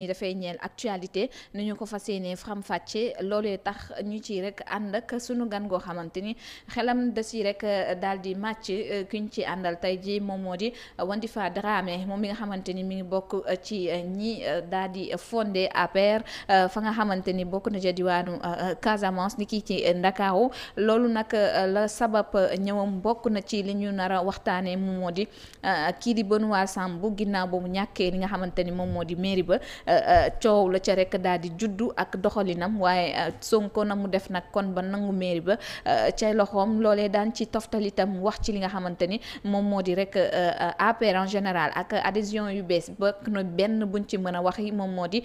ñu dafay ñeel actualité ni ñu ko fa yéenee faram fàcce loolee tax ñu ci rek ànd ak sunu gan goo xamante ni xelam da si rek euh, daal di màcc euh, ki ci àndal tey ji moom moo di Wandifa Dramé moom mi nga xamante ni mi ngi bokk euh, ci ñi daal di fondé APR fa nga xamante ni bokk na ja diwaanu Casamance kii ci Ndakaaru loolu nag la sabab ñëwam bokk na ci li ñu nar a waxtaanee moom moo di kii di Benoît Sambou ginnaaw boobu ñàkkee li nga xamante ni moom moo di mairie ba Euh, euh, coow la ca rek daal di juddu ak doxalinam waaye euh, Sonko na mu def nag kon ba nangu mairie ba cay loxoom loolee daan ci toftal itam wax ci li nga xamante ni moom moo di rek APR en général ak adhésion yu bees ba no benn buñ ci mën a wax moom moo di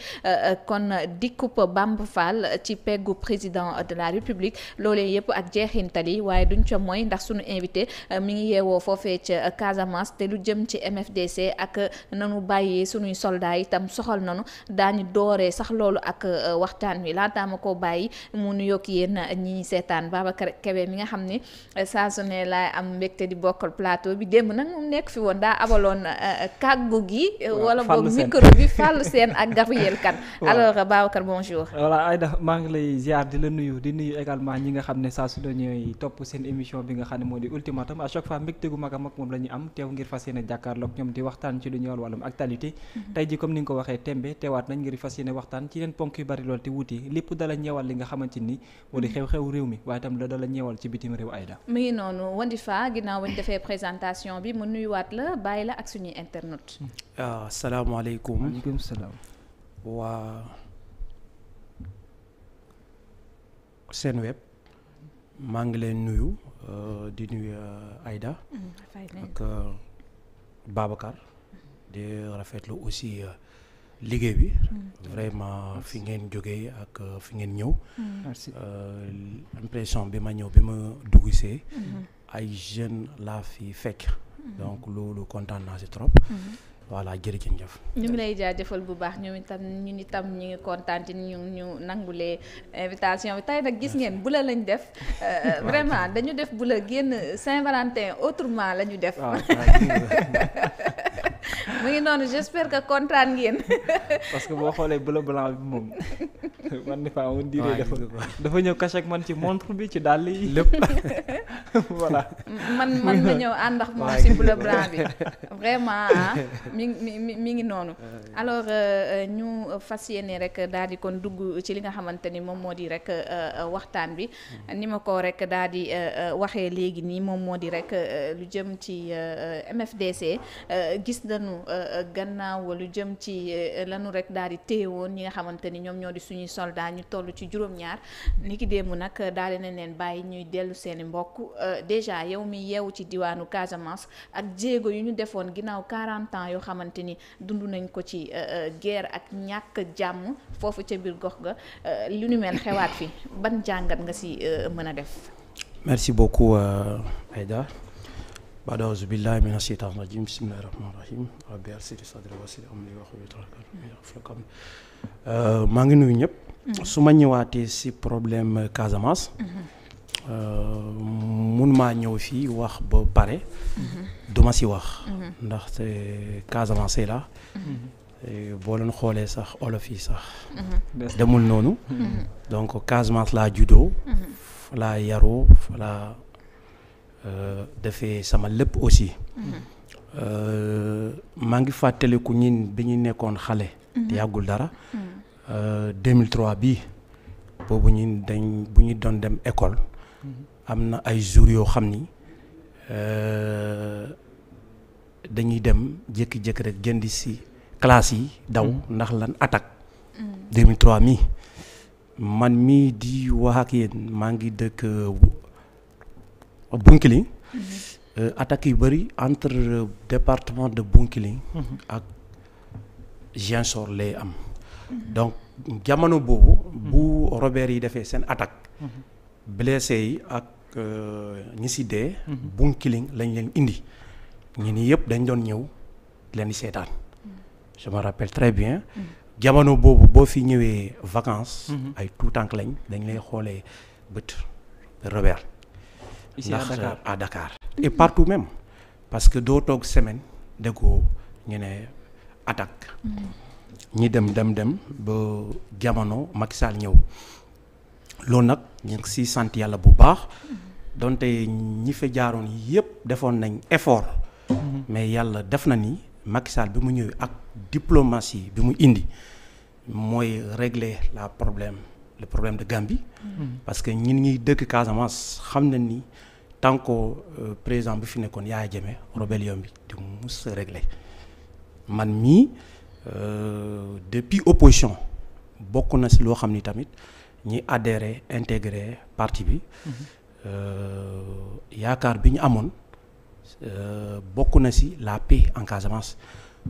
kon dikkub Bamba Fall ci peggu président de la République loolee yëpp ak jeexintal yi waaye duñ ca mooy ndax sunu invité mi ngi yeewoo foofee ca Casamance te lu jëm ci MFDC ak nanu bàyyee sunuy soldat itam soxal nanu daañu dooree sax loolu ak euh, waxtaan wi laataa ma koo bàyyi mu nuyoog yéen euh, ñi seetaan Babacar Kebe mi nga xam ne euh, saa su ne laay am mbégte di bokkal plateau bi démb nag nekk fi woon daa abaloon kàggu gi. wala boog micro bi fàllu seen ak ngi lay ziar di la nuyu di ñi nga xam ne saa su ne ñooy topp seen émission bi nga xam ne moo di ultimatum à chaque fois mbégte gu mag a mag moom la ñu am teew ngir fas yéene jàkkaarloog ñoom di waxtaan ci lu ñuy wàllum actualité. Mhm. tey ji comme ni nga ko waxee tembe teewaat nañ ngir fas yéene waxtaan ci leen ponk yu bari lool te wuute lépp dala ñeewal li nga xamante ni wala mm-hmm. xew-xew réew mi waaye itam la dala ñeewal ci bitim réew Aïda mu ngi noonu Wandifa ginnaaw bañ defee présentation bi mu nuyuwaat la bàyyi la ak suñuy internet waaw mm. ah, salaamaaleykum waaleykum maa ngi leen nuyu euh, di nuyu euh, Aïda mm, ak euh, Babacar mm-hmm. di rafetlu aussi liggéey bi. Mm. vraiment fi ngeen jógee ak euh, fi ngeen ñëw. Mm. Euh, impression bi ma ñëw bi ma dugg see. Mm-hmm. ay jeunes laa fi fekk. Mm-hmm. donc loolu kontaan naa si trop. Mm-hmm. voilà jërëjëf. ñu ngi lay jaajëfal bu baax ñu itam ñu itam ñu ngi kontaan ci ñu ñu nangulee invitation bi tey nag gis ngeen bula lañ def. Euh, vraiment dañu def bula génn Saint-Valentin autrement la def. Ah, ah, mu ngi noonu j'espère que kontaan ngeen. parce que boo xoolee bleu blanc bi moom man ni faa woon diiree dafa dafa ñëw cache ak man ci montre bi ci dal yi lépp voilà. man man na ñëw ànd ak moom si bleu blanc bi vraiment ah, mi mi ngi noonu. alors euh, euh, ñu fas yéene rek daal di kon dugg ci li nga xamante ni moom moo di rek euh, waxtaan bi hmm. ni ma ko rek daal di waxee léegi nii moom moo di rek lu jëm ci MFDC gis danu euh, euh, gannaaw walu jëm ci euh, lanu rek daal di téyewoon ñi nga xamante ni ñoom ñoo di suñuy soldat ñu toll ci juróom-ñaar ni ki démb nag daal nañ leen bàyyi ñuy dellu seen i mbokk déjà yow mi yeewu ci diwaanu Casamance ak jéego yu ñu defoon ginnaaw 40 ans yoo xamante ni dund nañ ko ci guerre ak ñàkk jàmm foofu ca biir gox ga lu nu mel xewaat fi ban jàngat nga si mën a def. merci beaucoup Aïda. baad auzu billahi min asheytaan rajim bismillahi rahmaani rahim rabbi yassir sadri wa yassir amri wahlul uqdatan euh, maa ngi nuyu ñëpp mm-hmm. su ma ñëwaatee si problème euh, Casamance mm-hmm. euh, mun maa ñëw fii wax ba pare mm-hmm. duma si wax ndax Casamance yi la boo leen xoolee sax olof yi sax demul noonu donc Casamance laa juddoo fa laa yaroo Euh, defee sama lépp aussi euh, maa ngi fàttaliku ñin bi ñu nekkoon xale mhm. yàggul dara 2003 mhm. euh, bi boobu ñun dañ bu ñu doon dem école mhm. am na ay jours yoo xam ni dañuy dem jékki-jékki rek jëndi si classe yi daw ndax lan attaque 2003 mii man mii di wax ak maa ngi dëkk Euh, Bounkiling euh, attaques yu bëri entre euh, département de Bounkiling mhm. ak Ziguinchor lay am donc jamono boobu mhm. bu Robert yi defee seen attaque mhm. blessé yi ak ñi si dee Bounkiling lañ leen indi ñi ni yëpp dañ doon ñëw leen di seetaan je me rappelle très bien jamono boobu boo fi ñëwee vacances ay tout tànk lañ dañ lay xoolee bët Robert ici à Dakar à et partout même parce que doo toog semaine déggoo ñu ne attaque. Mm. ñi dem dem dem ba jamono Macky Sall ñëw loolu nag ñu si sant yàlla bu baax donte ñi fa jaaroon yëpp defoon nañ effort. Mm-hmm. mais yàlla def na ni Macky Sall bi mu ñëwee ak diplomatie bi mu indi mooy régler la problème le problème de Gambie. Mm-hmm. parce que ñun ñuy dëkk Casamance xam na ni. tant que euh, président bi fi nekkoon Yahya Jammeh rébellion bi di mus réglé man mii euh, depuis opposition bokk na si loo xam ni tamit ñi adhéré intégré parti bi mhm. euh, yaakaar bi ñu amoon bokk na si la paix en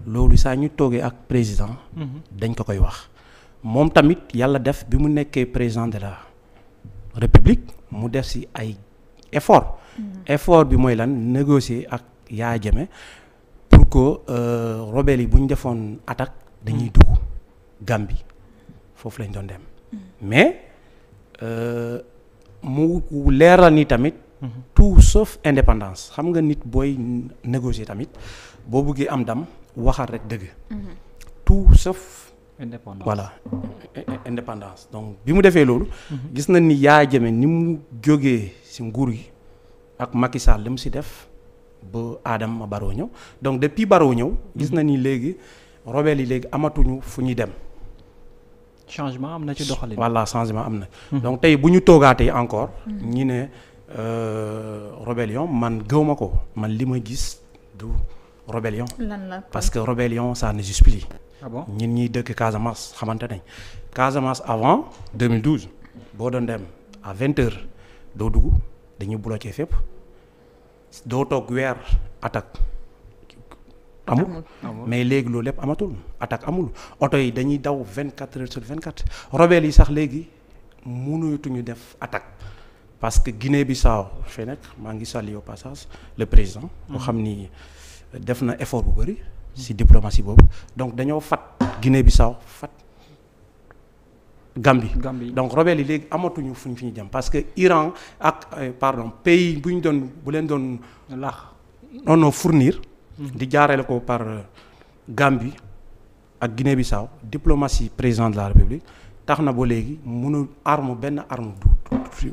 loolu saa ñu toogee ak président. Mhm. dañ ko koy wax. moom tamit yàlla def bi mu nekkee président de la république mu def si ay effort effort bi mooy lan négocier ak yaa jame pour que euh, rebelles yi bu ñu defoon attaque dañuy mm. dugg Gambie foofu lañ doon dem mm. mais euh, mu leeral ni tamit mm-hmm. tout sauf indépendance xam nga nit booy négocier tamit boo buggee am dam waxal rek dëgg mm-hmm. tout sauf indépendance voilà indépendance donc bi mu defee loolu mm-hmm. gis na ni Yahya Jammeh ni mu jógee ci nguur yi ak Macky Sall li mu si def ba Adama Barrow ñëw donc depuis Barrow ñëw. gis mm-hmm. na ni léegi rebelle yi léegi amatuñu fu ñuy dem. changement am na ci doxalin. voilà changement am na. Mm-hmm. donc tey bu ñu toogaatee encore. Mm-hmm. ñi ne euh, rébellion man gëwma ko man li ma gis du rébellion. lan la parce que rébellion ça n'existe plus. ah bon dëkk Casamance xamante nañ Casamance avant 2012 boo doon dem à 20 doo dugg dañuy bloqué fépp. doo toog weer attaque amul mais léegi loolu lépp amatul attaque amul oto yi dañuy daw vingt quatre heures sur vingt quatre robel yi sax léegi mu mënatuñu def attaque parce que Guinée-Bissau fee nekk maa ngi saluer au passage le président moo xam ni def na effort bu bëri si diplomatie boobu donc dañoo fat Guinée-Bissau fat Gambie. Gambie donc rebelles yi léegi amatuñu fuñ fi ñu jëm parce que Iran ak pardon pays bu ñu doon bu leen doon. laax non fournir. di jaarale ko par Gambie ak bi Bissau diplomatie président de la République tax na ba léegi mënul arme benn arme du.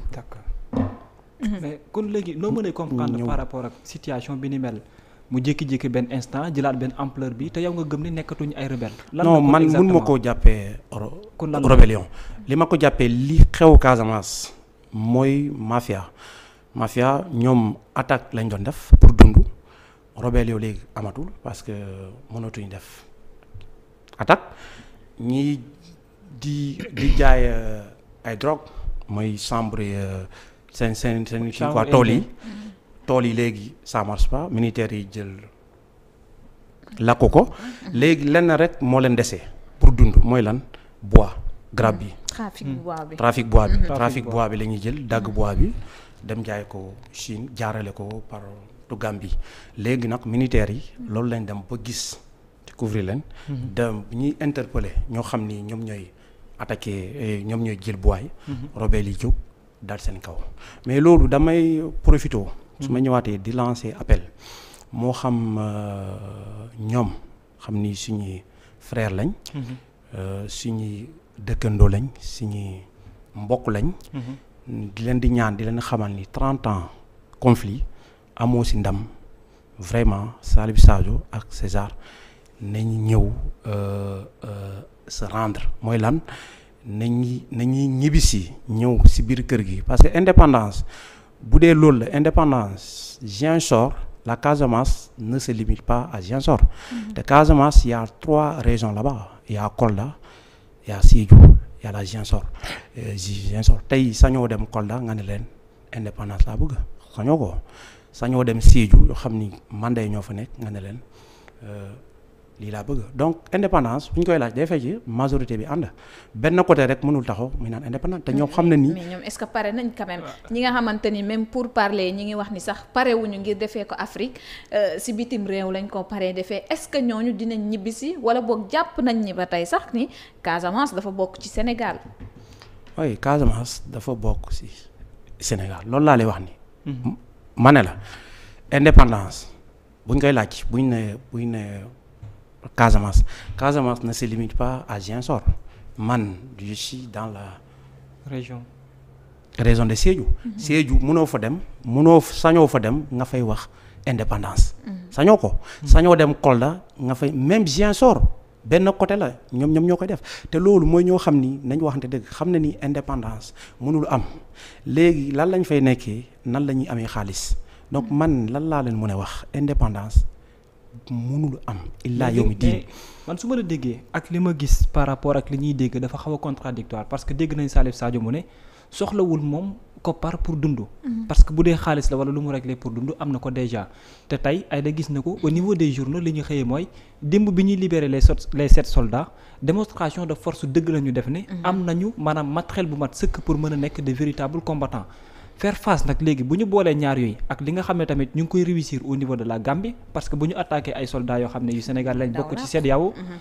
kon léegi noo mën a comprendre par rapport ak situation bi ni mel. mu jékki-jékki benn instant jilaat benn ampleur bi te yow nga gëm ni nekkatuñu ay rebelle. lan non man mun ma koo jàppee rébellion li ma ko jàppee li xew Casamance mooy mafia mafia ñoom attaque lañ doon def pour dund rebelle yow léegi amatul parce que mënatuñu def attaque ñi di di jaay euh, ay drogue mooy chambre euh, seen seen seen kii quoi tool yi tool yi léegi sa marche pas militaires yi jël lakk ko léegi lenn rek moo leen desee pour dund mooy lan bois grappe bi. trafic hmm. bois bi trafic bois bi. Hmm. trafic bi la ñuy jël dagg bois bi dem jaay ko Chine jaarale ko par du bi léegi nag militaires yi loolu lañ dem ba gis couvre leen. Hmm. dem ñuy interpeller ñoo xam ni ñoom ñooy attaqué eh, ñoom ñooy jël bois yi. robel yi jóg daal seen kaw mais loolu damay profité. su ma ñëwaatee di lancer appel moo xam euh, ñoom xam ni suñu frère lañ. Mhm. Euh, suñu dëkkandoo lañ suñu mbokk lañ. Mhm. di leen di ñaan di leen xamal ni trente ans conflit amoo si ndam vraiment Salif Sadio ak César nañu ñëw euh, se rendre mooy lan nañu nañuy ñibbisi ñëw si biir kër gi parce que indépendance. bu dee loolu la indépendance Ziguinchor la Casamance ne se limite pas à Ziguinchor te mm-hmm. Casamance y a trois régions là-bas y Kolda y a Sédhiou y a la Ziguinchor euh, Ziguinchor tey sañoo dem Kolda nga ne leen indépendance laa bëgg sañoo ko sañoo dem Sédhiou yoo xam ni Mandé ñoo fa nekk nga ne leen euh, lii laa bëgg donc indépendance bu ñu koy laaj day fekk majorité bi ànd benn côté rek mënul taxu muy naan indépendance te ñoom xam na ni. mais ñoom est-ce que pare nga xamante ni même pour parler ñi ngi wax ni sax pare wuñu ngir defee ko Afrique euh, si bitim réew lañ ko paree defee est-ce que ñooñu dinañ ñibbisi wala boog jàpp nañ ñi ba tey sax ni Casamance dafa bokk ci Sénégal. oui Casamance dafa bokk ci Sénégal loolu laa lay wax ni ma ne la indépendance buñ koy laaj buñ ne buñ ne. Casamance Casamance ne se limite pas à Ziguinchor man je suis dans la région région de Sédhiou mhm. Sédhiou mënoo fa dem mënoo sañoo fa dem nga fay wax indépendance mhm. sañoo ko mhm. sañoo dem Kolda nga fay même Ziguinchor benn côté la ñoom ñoom ñoo koy def te loolu mooy ñëw xam ni nañ waxante dëgg xam na ni indépendance mënul am léegi lan lañ fay nekkee nan la ñuy amee xaalis donc man lan laa leen mën a wax indépendance ak mënul am illaa yow mi diin man su ma déggee ak li ma gis par rapport ak li ñuy dégg dafa xaw a contradictoire parce que dégg nañ Salif Sadio mu ne soxlawul moom koppar pour dund mhm. parce que bu dee xaalis la wala lu mu réglé pour dund am na ko déjà te tey ay da gis na ko au niveau des journaux li ñu xëyee mooy démb bi ñuy libéré les les sept soldats démonstration de force dëgg la ñu def ne mhm. am nañu maanaam matériel bu mat sëkk pour mën a nekk des véritables combattants faire face nag léegi bu ñu boolee ñaar yooyu ak li nga xam ne tamit ñu ngi koy réussir au niveau de la Gambie parce que bu ñu attaqué ay soldats yoo xam ne yu Sénégal lañ bokk ci CEDEAO mhm.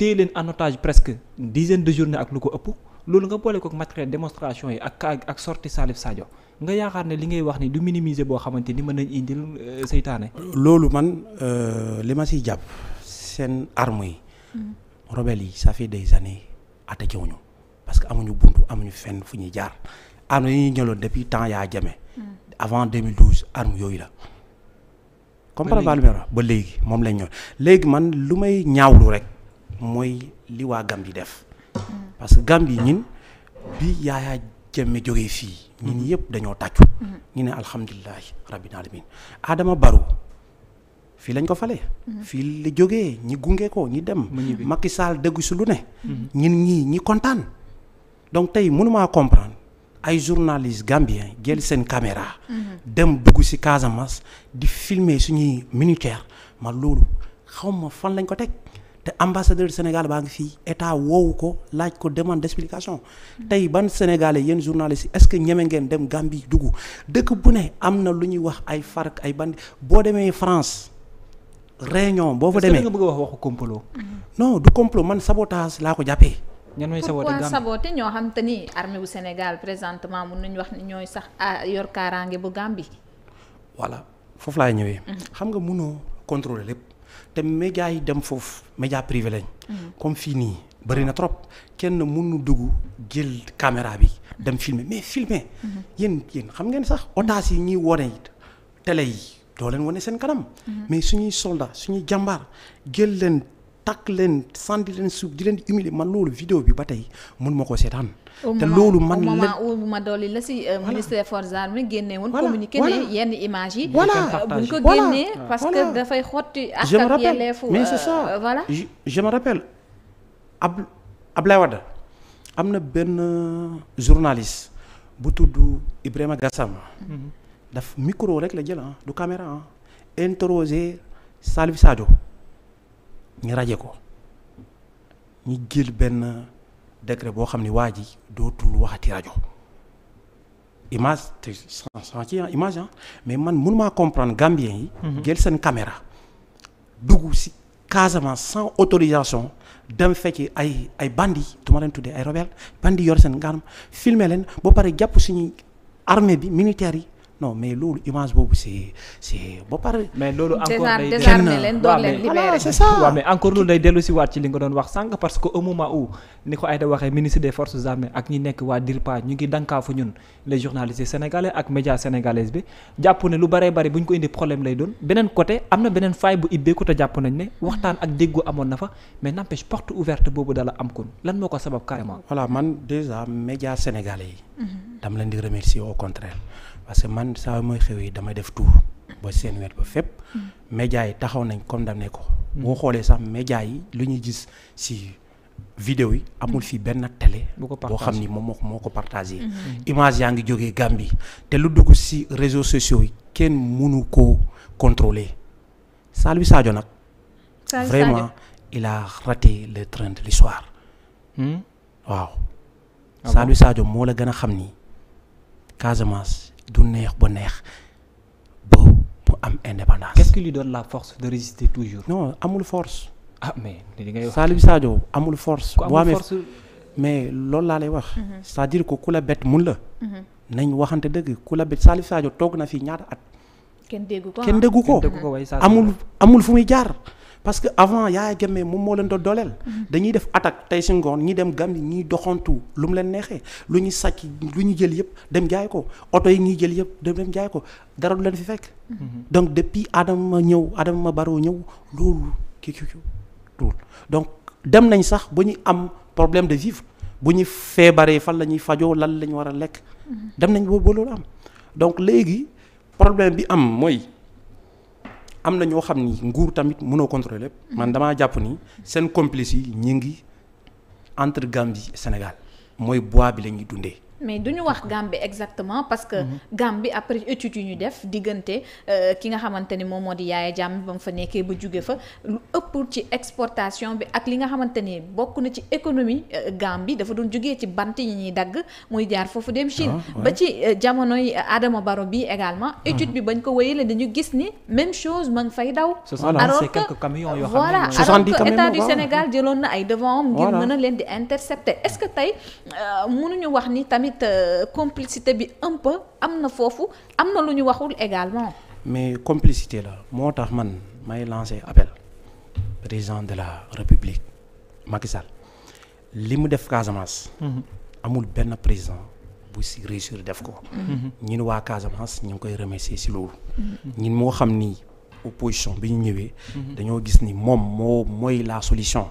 téye leen en otage presque une dizaine de journée ak lu ko ëpp loolu nga boole ko ak matériel démonstration yi ak ak ak sorti Salif Sadio nga yaakaar ne li ngay wax ni du minimiser boo xamante ni mën nañ indil euh, seytaane. loolu man euh, li ma siy jàpp seen armes yi. Mhm. rebelles yi ça des années attaqué wuñu parce que amuñu buntu amuñu fenn fu ñuy jaar. armes yi ñuy jëloon depuis temps yaa avant yooyu la. comprendre ba léegi moom lañ ñëw léegi man lu may ñaawlu rek mooy li waa Gambie def. parce que Gambie ñin bi yaayaa jëmme jógee fii. ñun yëpp dañoo tàccu. ñu ne alhamdulilahi rabbil alamin Adama Barrow fii lañ ko falee. fii la jógee ñi gunge ko ñi dem. Macky Sall dégg si lu ne. ñun ñii ñi kontaan. donc tey mënumaa comprendre ay journaliste gambien jël seen caméra. dem dugg ci Casamance di filmer suñuy militaire ma loolu xaw ma fan lañ ko teg te ambassadeur Sénégal baa ngi fii état woowu ko laaj ko demande d'explication tey ban sénégalais yéen journaliste est-ce que ñeme ngeen dem Gambie dugg dëkk bu ne am na lu ñuy wax ay FARC ay bandi boo demee France. réunion boo fa demee est wax waxu complot. non du complot man sabotage laa ko jàppee. ñan mooy saboté pourquoi saboté ñoo xam te ni armée bu Sénégal présentement mun nañu wax ni ñooy sax a ah, kaaraange bu Gambie. voilà foofu laay ñëwee. Mhm. xam nga mënoo contrôler lépp te médias yi dem foofu média privé lañ. Mhm. comme fii nii bëri trop kenn mënu dugg jël caméra bi dem filmer mais filmer. Mhm. yéen yéen xam ngeen sax otages yi ñuy wone télé yi doo leen wane seen kanam. mais suñuy soldats suñuy jàmbaar jël takk leen sànni leen suuf di leen humilier man loolu vidéo bi ba tey mun ma ko seetaan. te loolu man la au moment ma dolli la si. Euh, ministère forces armées génne woon. communiqué ne yenn images yi. Euh, bu ñu génnee parce que dafay xotti. ak ak yelleefu mais c'est euh, ça mhm. micro rek la jël ah du caméra ah. interroger Salif ñu raje ko ñu jël benn décret boo xam ne waa ji dootul waxati rajo image te sans ci image ah mais man mënumaa comprendre Gambien yi. Mhm. jël seen caméra dugg si Casamance sans autorisation dem fekk ay ay bandi du ma leen tuddee ay rebelle bandi yor seen ganam filmer leen ba pare jàpp suñuy armée bi militaire yi. non mais loolu image boobu c'est c'est ba pare. mais loolu encore day dellu si waat ci li nga doon wax sànq parce que au moment où ni ko Aïda waxee ministre des forces armées ak ñi nekk waa DIRPA ñu ngi dankaafu ñun les journalistes sénégalais ak médias sénégalaises bi jàpp ne lu baree bari bu ñu ko indi problème lay doon beneen côté am na beneen faay bu ibbeeku te jàpp nañ ne waxtaan ak déggoo amoon na fa mais n'empêche porte ouverte boobu dala am kon lan moo ko sabab carrément. voilà man déjà médias sénégalais yi. Mhm. parce que man saa mooy xew yi dama def tour ba seen wet ba fépp. Mm. média yi taxaw nañ ne ko. Mm. boo xoolee sax média yi lu ñuy gis si vidéo yi amul mm. fi benn télé. boo xam ni moom moo ko partagé. Mm-hmm. image yaa ngi jógee Gambie te lu dugg si réseaux sociaux yi kenn mënu koo contrôler Saliou Sadio nag. vraiment il a raté le train de l'histoire hmm? waaw. Ah Saliou Sadio moo la gën a xam ni Casamance. du neex ba neex boobu mu am indépendance. qu'est-ce la force de résister toujours. non amul force. ah mais li ngay wax Salif Sadio amul force. ku amul mais loolu laa lay wax. Mhm. c'est-à-dire ku la bett mun la. Mhm. nañ waxante dëgg ku la bett Salif Sadio toog na fi ñaata at. kenn déggu ko ah. amul amul fu muy jaar. parce que avant Yaya Jammeh moom moo leen doon dooleel. dañuy def attaque tey si ngoon ñi dem Gambie ñuy doxantu lu mu leen neexee lu ñu sàcc lu ñu jël yëpp dem jaay ko oto yi ñuy jël yëpp dem jaay ko dara du leen fi fekk. Mhm. donc depuis Adama ñëw Adama Barrow ñëw loolu kii kii tuul donc dem nañ sax ba ñu am problème de vivre bu ñu feebaree fan la ñuy fajoo lan la ñu war a lekk. Mhm. dem nañ ba loolu am donc léegi problème bi am mooy. am na ñoo xam ni nguur tamit mënoo contrôler lépp mm-hmm. man damaa jàpp ni seen complice yi ñu ngi entre Gambie Sénégal mooy bois bi la ñuy dundee. mais du ñu wax bi exactement parce que. Mhm. bi après étude yu ñu def diggante euh, ki nga xamante ni moom moo di Yaya jàmm ba mu fa nekkee ba jóge fa lu ëpp ci exportation bi ak li nga xamante ni bokk na ci économie euh, bi dafa doon jógee ci bant yi ñuy dagg muy jaar foofu dem Chine. Ah, ba ci euh, jamonoy Adama Barrow bi également. Mhm. étude bi bañ ko wéyalee dañu gis ni même chose man fay daw. alors que voilà alors que état du Sénégal jëloon na ay devant ngir mën leen di intercepter est-ce que tey tamit euh, complicité bi un am na foofu am na lu ñu waxul également. mais complicité la moo tax man may lancé appel président de la république Macky li mu def Casamance. Mhm. amul benn président bu si réussir def ko. Mhm. ñun waa Casamance ñu koy remercier si loolu. Mhm. ñun moo xam ni opposition bi ñu ñëwee. dañoo gis ni moom moo mooy la solution.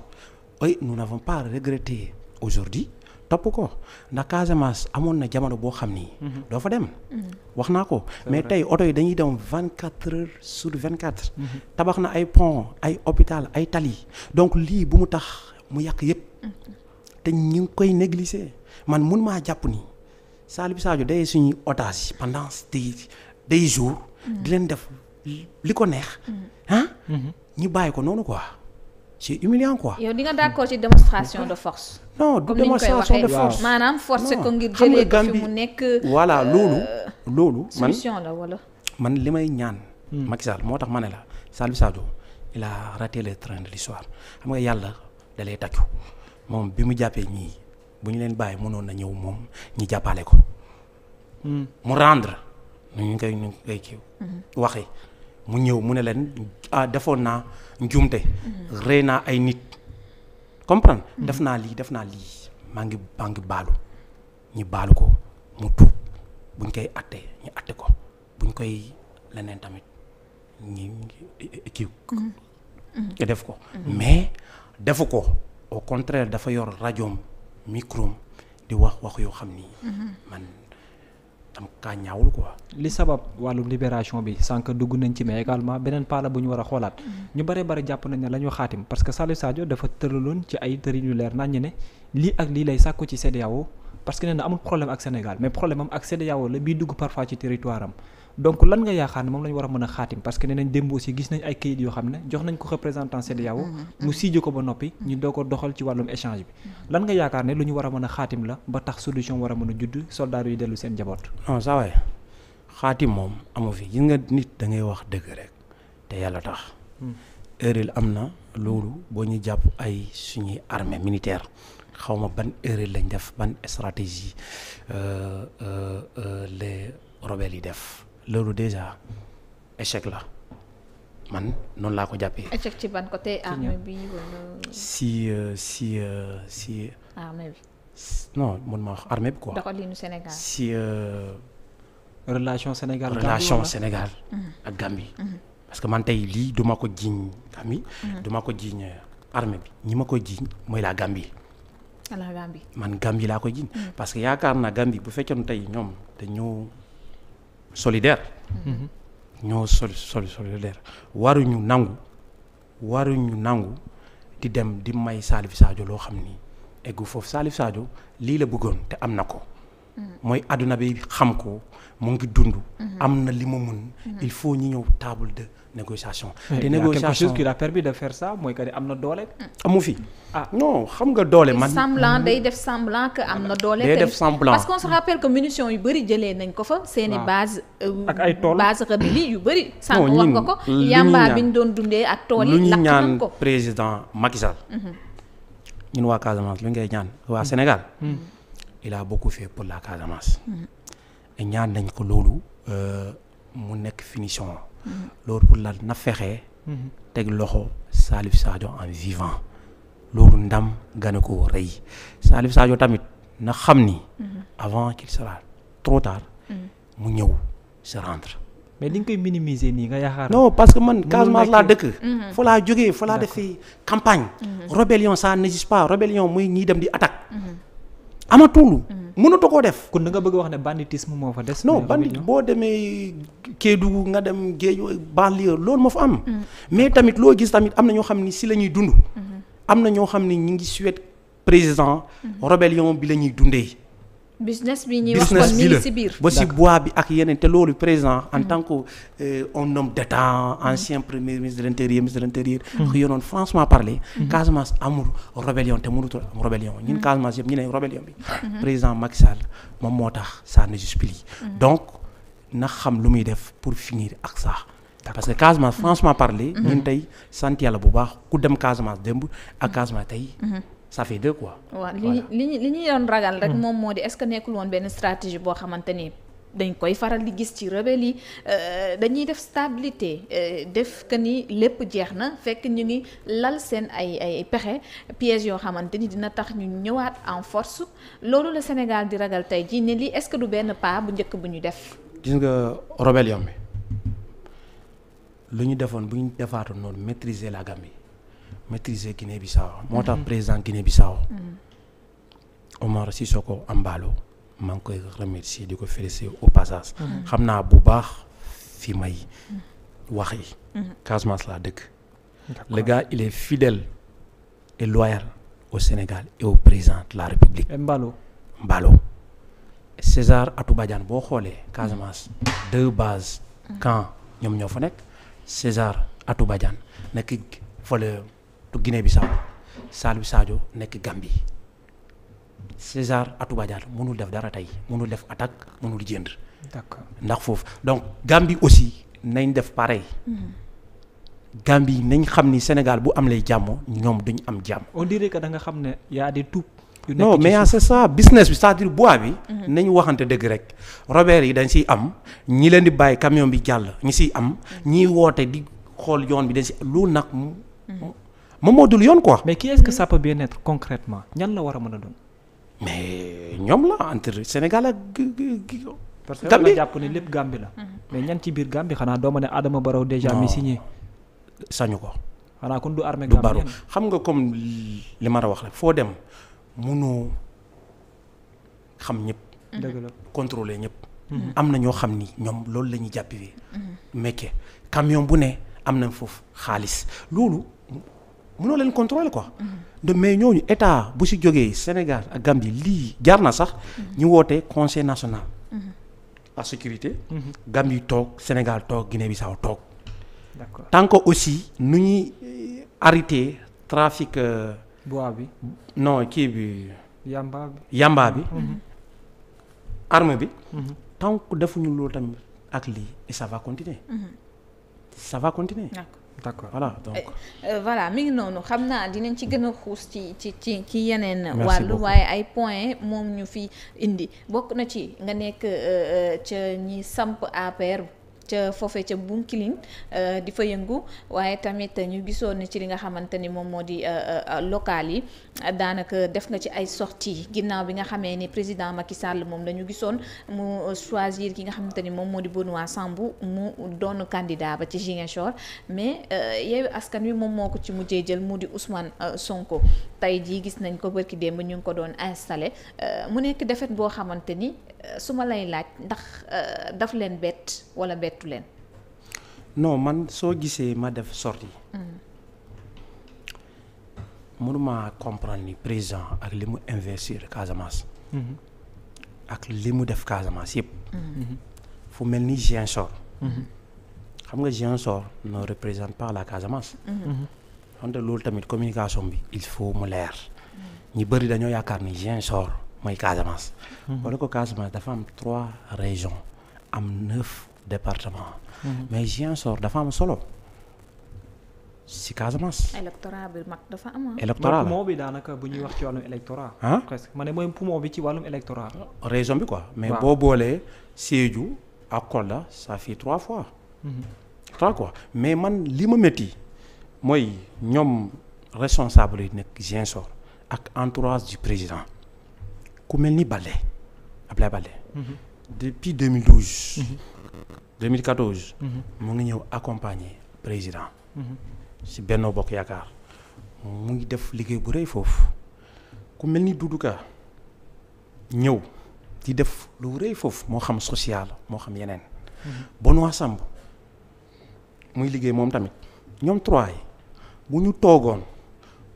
ay nous n'avons pas regretté aujourd'hui topp ko ndax Casamance amoon na jamono boo xam ni. Mhm. doo fa dem. Mhm. wax naa ko mais tey oto yi dañuy dem vingt quatre heures sur vingt quatre. Mhm. tabax na ay pont ay hôpital ay tali donc lii bu mu tax mu yàq yëpp. te ñu koy négliger man mun maa jàpp ni Salif Sadio day suñuy otage pendant des des jour di leen def li ko neex. ah ñu bàyyi ko noonu quoi c'est humiliant quoi. de force. non du démonstration de maanaam force ko ngir jëlee ko fi mu nekk. voilà euh, loolu. loolu man solution wala. man li may ñaan. Hmm. Macky Sall moo tax ma ne la Salvi Sadio il a raté le train de l'histoire xam nga yàlla da lay takku moom bi mu jàppee ñii bu ñu leen bàyyi mënoon na ñëw moom ñi jàppale ko. Hmm. mu rendre nu ñu koy ñu koy hmm. waxee mu ñëw mu ne leen ah, defoon naa njuumte. rey naa ay nit. comprendre mm-hmm. def naa lii def naa lii maa ngi maa ngi baalu ñu baalu ko mu tuub buñ koy atte ñu atte ko buñ koy leneen tamit ñi kiiw nga def ko mm-hmm. mais def ko au contraire dafa yor rajoom microm di wax wax yoo xam ni mm-hmm. man dama kaa ñaawul quoi. li sabab wàllum libération bi sànq dugg nañ ci mais également beneen paala bu ñu war a xoolaat. Mm-hmm. ñu bare bare jàpp nañ ne la ñu xaatim parce que Salif Sadio dafa tëraloon ci ay tërin yu leer naññ ne lii ak lii lay sàkku ci CEDEAO parce que nee na amul problème ak Sénégal mais problème am ak CEDEAO la bii dugg parfois ci territoire donc lan nga yaakaar ne moom la war a mën a xaatim parce que nee nañ démb aussi gis nañ ay kayit yoo xam ne jox nañ ko représentant CEDEAO mm-hmm, mm-hmm. mu siije ko ba noppi ñu doo ko doxal ci wàllum échange bi mm-hmm. lan nga yaakaar ne lu ñu war a mën a xaatim la ba tax solution war a mën a juddu soldat yu dellu seen jaboot non saa waay xaatim moom amu fi yi nga nit da ngay wax dëgg rek te yàlla tax mm. erreur am na loolu boo ñu jàpp ay suñuy armée militaire xaw ma ban erreur lañ def ban stratégie euh, euh, euh, les rebelles yi def loolu déjà échec la man noonu laa ko jàppee. échec ci ban côté euh, euh, armée bi si si si. armée bi. ma wax armée bi quoi. doxalinu Sénégal si. Euh, relation Sénégal relation mhm. Sénégal ak Gambie. Mhm. parce que man tey lii duma ko jiiñ Gambie. Mhm. duma ko jiiñ armée bi ñi ma ko jiiñ mooy la Gambie. la Gambie man Gambie laa ko jiiñ. parce que yaakaar naa Gambie bu fekkoon tey ñoom dañoo. solidaire mm-hmm. ñoo soli soli solidaire waruñu nangu waruñu nangu di dem di may Salif Sadio loo xam ni eggu foofu Salif Sadio lii la bëggoon te am na ko mooy àdduna bi xam ko mu ngi dund. Mhm. am na li mu mun. Mhm. il faut ñu ñëw table de négociation. te eh, négociation quelque chose qui l'a permis de faire ça mooy que am na doole. amu fi ah non xam nga doole man. semblant day def semblant am na doole. day def semblant parce qu'on se rappelle que munitions yu bëri jëlee nañ ko fa. seen i ah. base euh, ak ay tool base rebelle yu bëri. sànq wax nga ko yamba bi ñu doon dundee ak tool yi. la nañ ko lu ñu ñaan président Macky mhm. ñun waa Casamance lu ngay ñaan waa mm. Sénégal. Mm. il a beaucoup fait pour la Casamance. Mm-hmm. ñaan nañ ko loolu euh, mu nekk finition. Mm-hmm. loolu pour la na fexe. Mm-hmm. teg loxo Salif Sadio en vivant loolu ndam gën a ko rëy Salif Sadio tamit na xam ni. avant qu'il sera trop tard. mu ñëw se rendre. mais li nga koy non parce man Casamance laa dëkk. fa laa jógee fa laa defee campagne. rébellion ça n'existe pas muy ñii dem di attaque. amatul. Mhm. mënatu koo def. kon da nga bëgg wax ne banditisme moo fa des. non bandit boo demee Kédougou nga dem Géej banlieue loolu moo fa am. Mhm. mais tamit loo gis tamit am na ñoo xam ni si la ñuy dund. Mhm. am na ñoo xam ni ñu ngi souhaite président. rébellion bi la ñuy dundee. business bi ñuy wax kon mi ngi si biir ba si bois bi ak yeneen te loolu président en mm-hmm. tant que euh, un homme d'État mm-hmm. ancien premier ministre de l'intérieur ministre de l'intérieur mm-hmm. yoonoon franchement parler Casamance amul rébellion te mënutul am rébellion Casamance yëpp ñu ne bi président Macky Sall moom moo tax ça ne juste donc na xam lu muy def pour finir ak ça parce que Casamance franchement parler ñun tey sant yàlla bu baax ku dem Casamance démb ak Casamance tey ça fait deux quoi. waaw li li ñu doon ragal rek hmm. moom moo di est-ce que nekkul woon benn stratégie boo xamante ni. dañ koy faral di gis ci rebelle yi euh, dañuy def stabilité euh, def que ni lépp jeex na fekk ñu ngi lal seen ay ay pexe piège yoo xamante ni dina tax ñu ñëwaat en force loolu la Sénégal di ragal tey jii ne lii est-ce que du benn pas bu njëkk bu ñu def. gis nga rebelle yombi lu ñu defoon bu ñu defaatoon noonu maîtriser la Gambie maîtriser bi bissau moo tax mm-hmm. président Guinée-Bissau mm-hmm. Omar Sissoko Embaló maa ngi koy remercier di ko féliciter au passage mm-hmm. xam naa bu baax fi may wax Casamance laa dëkk le gars il est fidèle et loyal au Sénégal et au président la République Embaló Embaló César Atou Badiane boo xoolee Casamance deux bases camp ñoom ñoo fa nekk César Atou Badiane nekk fële to Guinée Bissau Saliou Sadio nekk Gambie César Atouba Diatta mënul def dara tey mënul def attaque mënul jënd. d'accord ndax foofu donc Gambie aussi nañ def pareil. Mm-hmm. Gambie nañ xam ni Sénégal bu am lay jàmm ñoom duñ am jàmm. on que da nga xam ne y a des tout. non mais c'est ça business bi c'est-à-dire bi. Mm-hmm. nañu waxante dëgg rek. Robert yi dañ siy am ñi leen di bàyyi camion bi jàll ñi siy am mm-hmm. ñiy woote di xool yoon bi dañ si lu nag moom moo dul yoon quoi. mais qui est que ça peut bien être ñan la war a mën a doon. mais ñoom la entre Sénégal ak parce que la jàpp ne lépp Gambie la. mais ñan ci biir Gambie xanaa doo ma ne Adama Barrow déjà mi sañu ko. xanaa kon du armée Gambie du Barrow xam nga comme li ma la wax rek foo dem munoo xam ñëpp. dëgg la contrôler mhm. am na ñoo xam ni ñoom loolu la ñuy jàppee. mekke mhm. camion bu ne am na foofu xaalis loolu. mënoo leen contrôler quoi. de mais ñooñu état bu si jógee Sénégal ak Gambie lii jaar na sax. ñu woote conseil national. à sécurité. Gambie toog Sénégal toog Guinée-Bissau toog. d'accord tant que aussi nu ñuy euh, arrêter trafic. Euh, bois bi non kii bi. bi yamba bi. Mhm. Mhm. arme bi. Mhm. tant defuñu loolu tamit ak lii et ça va continuer. ça d'accord voilà donc. Euh, euh, voilà mi ngi noonu xam naa dinañ ci gën a xuus ci ci ci ci yeneen. wàllu waaye ay point moom ñu fi indi bokk na ci nga nekk euh, ca ñi samp APR. ca foofe ca Bunkiling euh, di fa yëngu waaye tamit ñu gisoon ci li nga xamante ni moom moo di euh, euh, local yi daanaka def nga ci ay sorties ginnaaw bi nga xamee ni président Macky Sall moom la ñu gisoon mu choisir ki nga xamante ni moom moo di Benoît Sambou mu doon candidat ba ci Ziguinchor mais Yewwi Askan Wi moom moo ko ci mujjee jël mu di Ousmane Sonko tey jii gis nañ ko bërki démb ñu ngi ko doon installé mu nekk defet boo xamante ni su ma lay laaj ndax euh, daf leen bett wala bettu leen. non man soo gisee ma def sortie mm. mënuma comprendre ni président ak li mu investir Casamance. Mhm. ak li mu def Casamance yëpp. Mm. Mhm. fu mel ni Ziguinchor. Mhm. xam nga Ziguinchor ne représente pas la Casamance. wante mm-hmm. loolu tamit communication bi il faut mu leer. Mm. ñu bëri dañoo yaakaar ni Ziguinchor. mooy Casamance. wala ko Casamance dafa am trois régions am neuf départements. Mhm. mais Ziguinchor dafa am solo si Casamance. électorat bi mag dafa am électorat la bi daanaka bu ñuy wax ci wàllum électorat. ah presque ma ne mooy poumon bi ci wàllum électorat. région bi mais boo boolee Sédhiou ak Kolda ça fait trois fois. Mhm. trois quoi mais man li ma métti mooy ñoom responsable yi nekk Ziguinchor ak entourage du président. ku mel ni Baldé Abdoulaye Baldé mhm. depuis 2012 2014 mhm. mhm. mu ngi ñëw accompagner président si Benno Bokk Yaakaar mu ngi def liggéey bu rëy foofu ku mel ni Doudou ñëw di def lu rëy foofu moo xam social moo xam yeneen Benoît Samb muy liggéey moom tamit ñoom trois bu ñu toogoon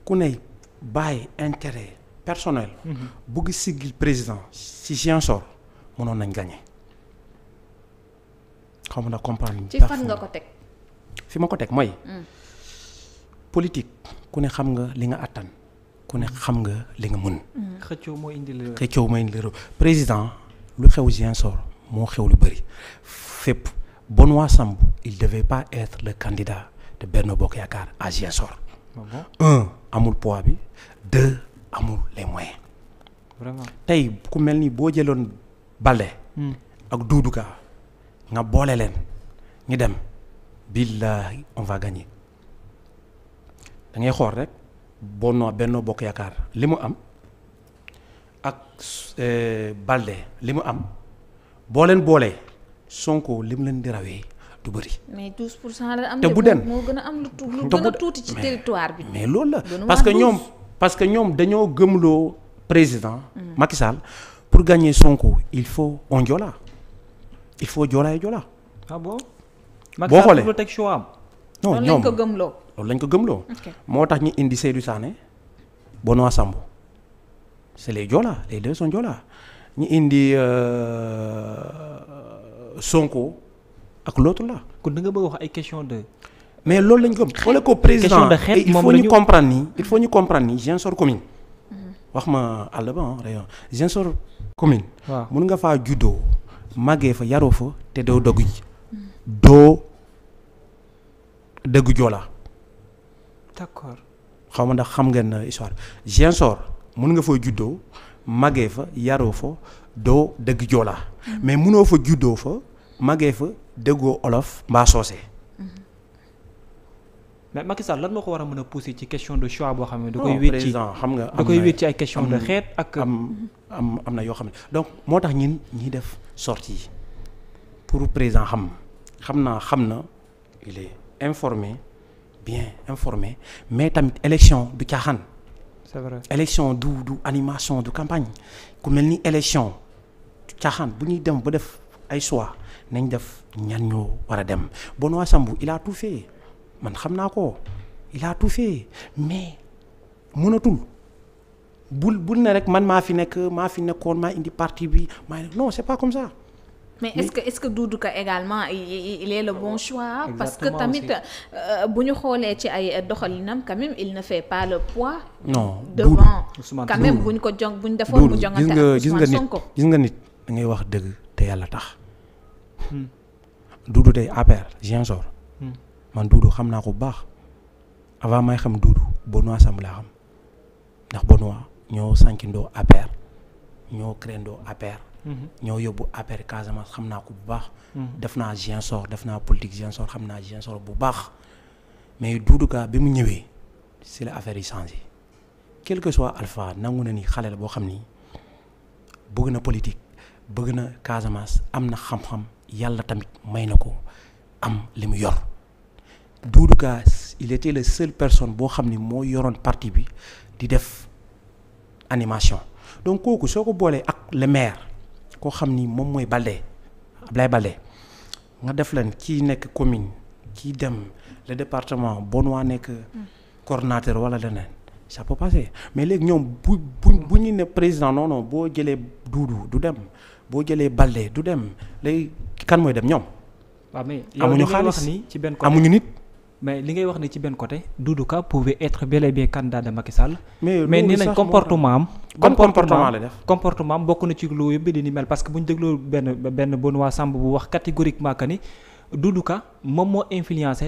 ku ne bàyyi intérêt personnel. Mhm. bu gis président si Ziguinchor mënoon nañ gagné. xam na comprendre. ci fan fi ma ko teg mooy. Mm. politique ku ne xam nga li nga attan ku ne xam nga li nga mën. Mm. xëccoo moo indi la xëccoo moo président lu xew Ziguinchor moo xew lu bëri fépp Benoît Sambou il devait pas être le candidat de Benno Bokk Yaakaar à Ziguinchor. Ah un amul poids bi amul les moyens. vraiment tey ku mel ni boo jëloon Balde. Hmm. ak Doudou Ka nga boole leen ñu dem. billahi on va gagner xool rek boo noo Benno Bokk Yaakaar li mu am ak eh, Balde li mu am boo leen boolee Sonko li mu leen di rawee du bëri. mais 12 pour cent la am. te bu den moo gën a am lu tuuti ci territoire bi. mais loolu la parce ñoom. parce que ñoom dañoo gëmloo président. Macky pour gagner Sonko il faut on Joola il faut Joola et ah boo xoolee Macky teg choix am. lañ ko gëmloo. lañ ko gëmloo. moo tax ñu indi Seydou Sané Benoît Sambou c'est les Joola les deux sont indi euh, Sonko ak l'autre la kon da nga bëgg wax ay question de. mais loolu lañ gëm xoolal ko président il faut ñu comprendre ni il faut ñu comprendre ni Ziguinchor commune wax ma àll ba rayon commune waaw mun nga faa juddoo màggee fa yaroo fa te doo dëgg ji doo dëgg joola xaw ma ndax xam ngeen euh, histoire Ziguinchor mun nga foo juddoo màggee fa yaroo doo dëgg mm. mais munoo fa juddoo fa maggee fa dëggoo olof mbaa soose mais Macky Sall lan moo war a mën a pousser ci question de choix boo xam ne. xam nga da koy wéet ci ay question ak. am am am na yoo xam ne donc moo tax ñun ñiy def sortie pour président xam xam naa xam na il est informé bien mais tamit élection du caaxaan. c'est vrai élection du animation du campagne ku mel ni élection caaxaan bu ñuy dem ba def ay choix nañ def ñan ñoo war a dem Benoît Sambou il a tout fait. man xam naa ko il a tout fait mais mënatul bul bul ne rek man maa fi nekk maa fi nekkoon maa indi partie bi maa non c'est pas comme ça. mais est-ce que est-ce que Doudou Ka également il est le bon choix. parce que tamit euh, bu ñu xoolee ci ay doxalinam quand même il ne fait pas le poids. non devant quand même bu ñu ko jong bu ñu defoon mu jongante gis nga nit gis nga nit da ngay wax dëgg te yàlla tax. Hmm. Doudou tey APR Ziguinchor. man duudu xam naa ko bu baax avant may xam duudu Benoît Sam laa xam ndax Benoît ñoo sànkindoo APR ñoo créendoo APR mhm. ñoo yóbbu APR Casamance xam naa ko bu baax mhm. def naa Ziguinchor def naa politique Ziguinchor xam naa Ziguinchor bu baax mais duudu kaa bi mu ñëwee si la affaire yi changé quel que soit alpha nangu na nii xale la boo xam ni bëgg na politique bëgg na Casamance am na xam-xam yàlla tamit may na ko am li mu yor Doudou Ka il était la seule personne boo xam ni moo yoroon partie bi di def animation donc kooku soo ko boolee ak le maire koo xam ni moom mooy Baldé Ablaye Baldé nga def leen kii nekk commune ci dem le département waa nekk coordinateur wala leneen ça peut passer mais léegi ñoom bu bu bu ñu ne président non non boo jëlee Doudou du dem boo jëlee Baldé du dem léegi kan mooy dem ñoom. amuñu xaalis amuñu nit. mais li ngay wax ni ci benn côté Doudou Ka pouvait être bel et bien candidat de Macky Sall. mais nee nañ comportement am. comportement am bokk na ci lu yëpp di ni mel parce que bu ñu dégloo benn benn Benoît Samb bu wax catégoriquement que ni Doudou Ka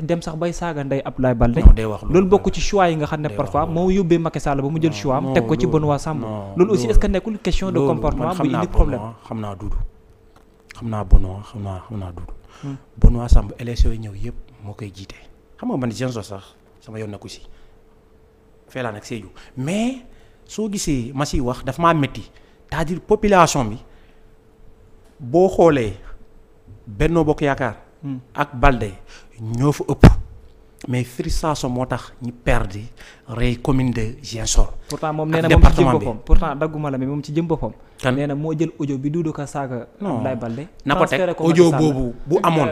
dem sax bay saaga ndey Abdoulaye Balde. loolu bokk ci choix yi nga xam ne parfois moo yóbbee Macky Sall ba mu jël choix am. teg ko ci Benoît Samb. loolu aussi est-ce que nekkul question de comportement bu indi problème xam naa Doudou xam naa xam naa xam naa Doudou. Hmm. Benoît Samb élection yi ñëw yëpp moo koy jiite xam nga man Ziguinchor sax sama yoon nekku si Fela nag Sédhiou mais soo gisee ma siy wax dafa maa métti cest à population bi boo xoolee Benno Bokk Yaakaar. Hmm. ak Balde ñoo fa ëpp. mais frustration moo tax ñu perdre rey commune de Ziguinchor. pourtant moom nee na moom ci jëm boppam pourtant dagguma la mais moom ci jëm boppam. kan nee moo jël audio bi Doudou Ka saaga. Abdoulaye Baldé na ko teg audio boobu bu euh, amoon.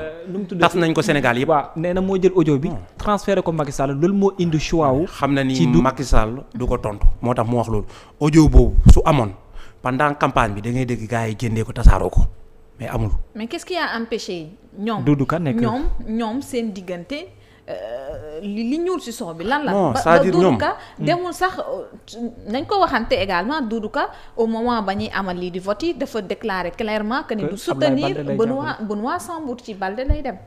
tas nañ ko Sénégal yi waaw nee na moo jël audio bi. transféré ko Macky Sall loolu moo indi choix wu. xam na ni Macky Sall du ko tontu. moo tax mu wax loolu ojo boobu su amoon pendant campagne bi da ngay dégg gars yi jëndee ko tasaaroo ko. mais amul. mais qu'est-ce qui a empêché. ñoom Doudou Ka nekk ñoom ñoom seen diggante. li ñuul si son bi lan la. non cest à hmm. demul sax euh, nañ ko waxante également Doudou Ka au moment ba ñuy amal lii di vote dafa déclarer clairement que ni du soutenir Benoît Benoît Sambou ci Balde lay dem.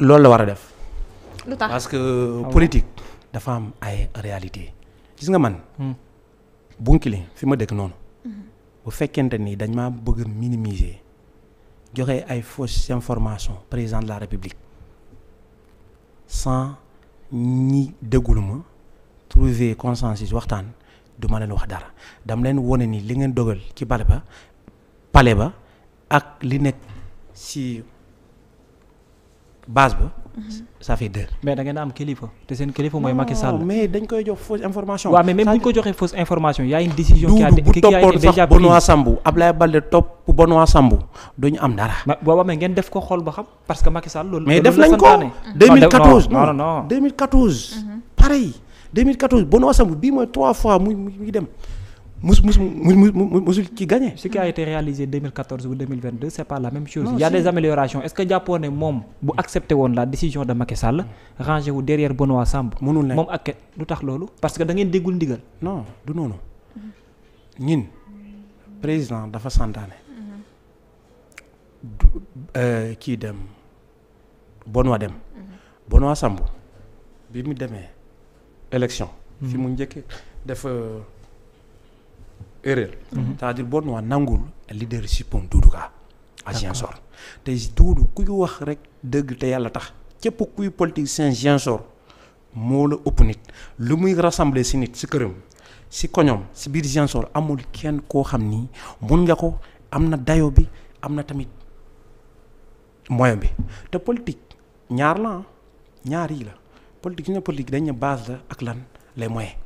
loolu la war a def. lu tax parce que ah politique dafa am ay réalité gis nga man. Hmm. bunkile fi ma dëkk noonu. Hmm. bu fekkente ni dañ maa bëgg minimiser joxe ay fausses informations président la république. sans ñi déggul ma trouver consensus waxtaan du ma leen wax dara dama leen wone nii li ngeen dogal ci bale ba pale ba ak li nekk si base ba ça fait deux. mais da ngeen am kilifa te seen kilifa mooy Macky Sall. mais dañ koy jox fausse information. bu ñu a bu topp Benoît Sambou du am dara. booba mais ngeen def ko xool ba xam parce que Macky Sall loolu. mais def nañ ko 2014 ah, non non 2014. Mhm. pareil 2014 Benoît Sambou bii mooy trois fois muy muy dem. mus mus mu musul ci gagné. ce qui a été réalisé 2014 ou 2022 c' est pas la même chose. non y' a des améliorations est ce que jàppoon ne moom. bu accepté woon la décision de Macky Sall. rangé wu derrière Benoît Sambou. mënul ne moom ak lu tax loolu. parce que da ngeen déggul ndigal. non du noonu ñin président dafa santaane. Euh, kii dem Benoît dem. Benoît Sambou bi mu demee élection. fi mu njëkk def. Euh, erreur mhm. cest waa dire boo noo nangul leadership am Doudou Ka Ziguinchor ku Doudou wax rek dëgg te yàlla tax cépp kuy politicien Ziguinchor moo la ëpp nit lu muy rassembler si nit si këram si koñom si biir Ziguinchor amul kenn koo xam ni mun nga ko am na dayo bi am na tamit moyen bi te politique ñaar la ñaar yi la politique su ne politique dañ ne base la ak lan les moyens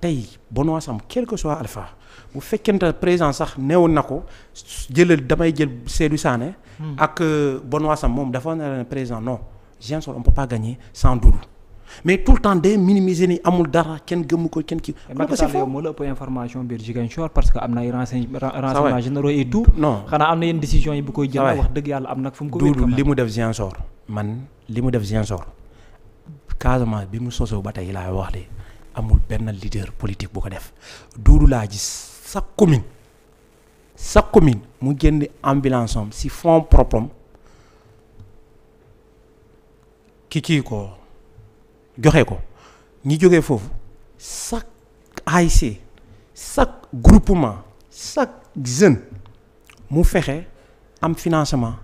tey Benoît Sam quel que soit Alpha bu fekkente président sax neewoon na ko jëlal damay jël Seydou Sané. Hmm. ak euh, Benoît Sam moom dafa ne président non Ziguinchor on peut pas gagner sans Doudou le temps day minimiser ni amul dara kenn gëmmu ko kenn kii. xam nga c'est faux moo la ëpp information biir Ziguinchor parce que am na ay renseignements généraux et tout. non xanaa am na yenn décision yi bu koy jël. wax dëgg yàlla am nag fu mu ko. Doudou li mu def Ziguinchor man li mu def Ziguinchor Casamance bi mu sosoo ba tey laa wax de. amul benn leader politique bu ko def duudu laa gis sa commune sa commune mu génn ambulance si fond propre am ko joxe ko ñi jógee foofu sac AIC sac groupement chaque jeune mu fexe am financement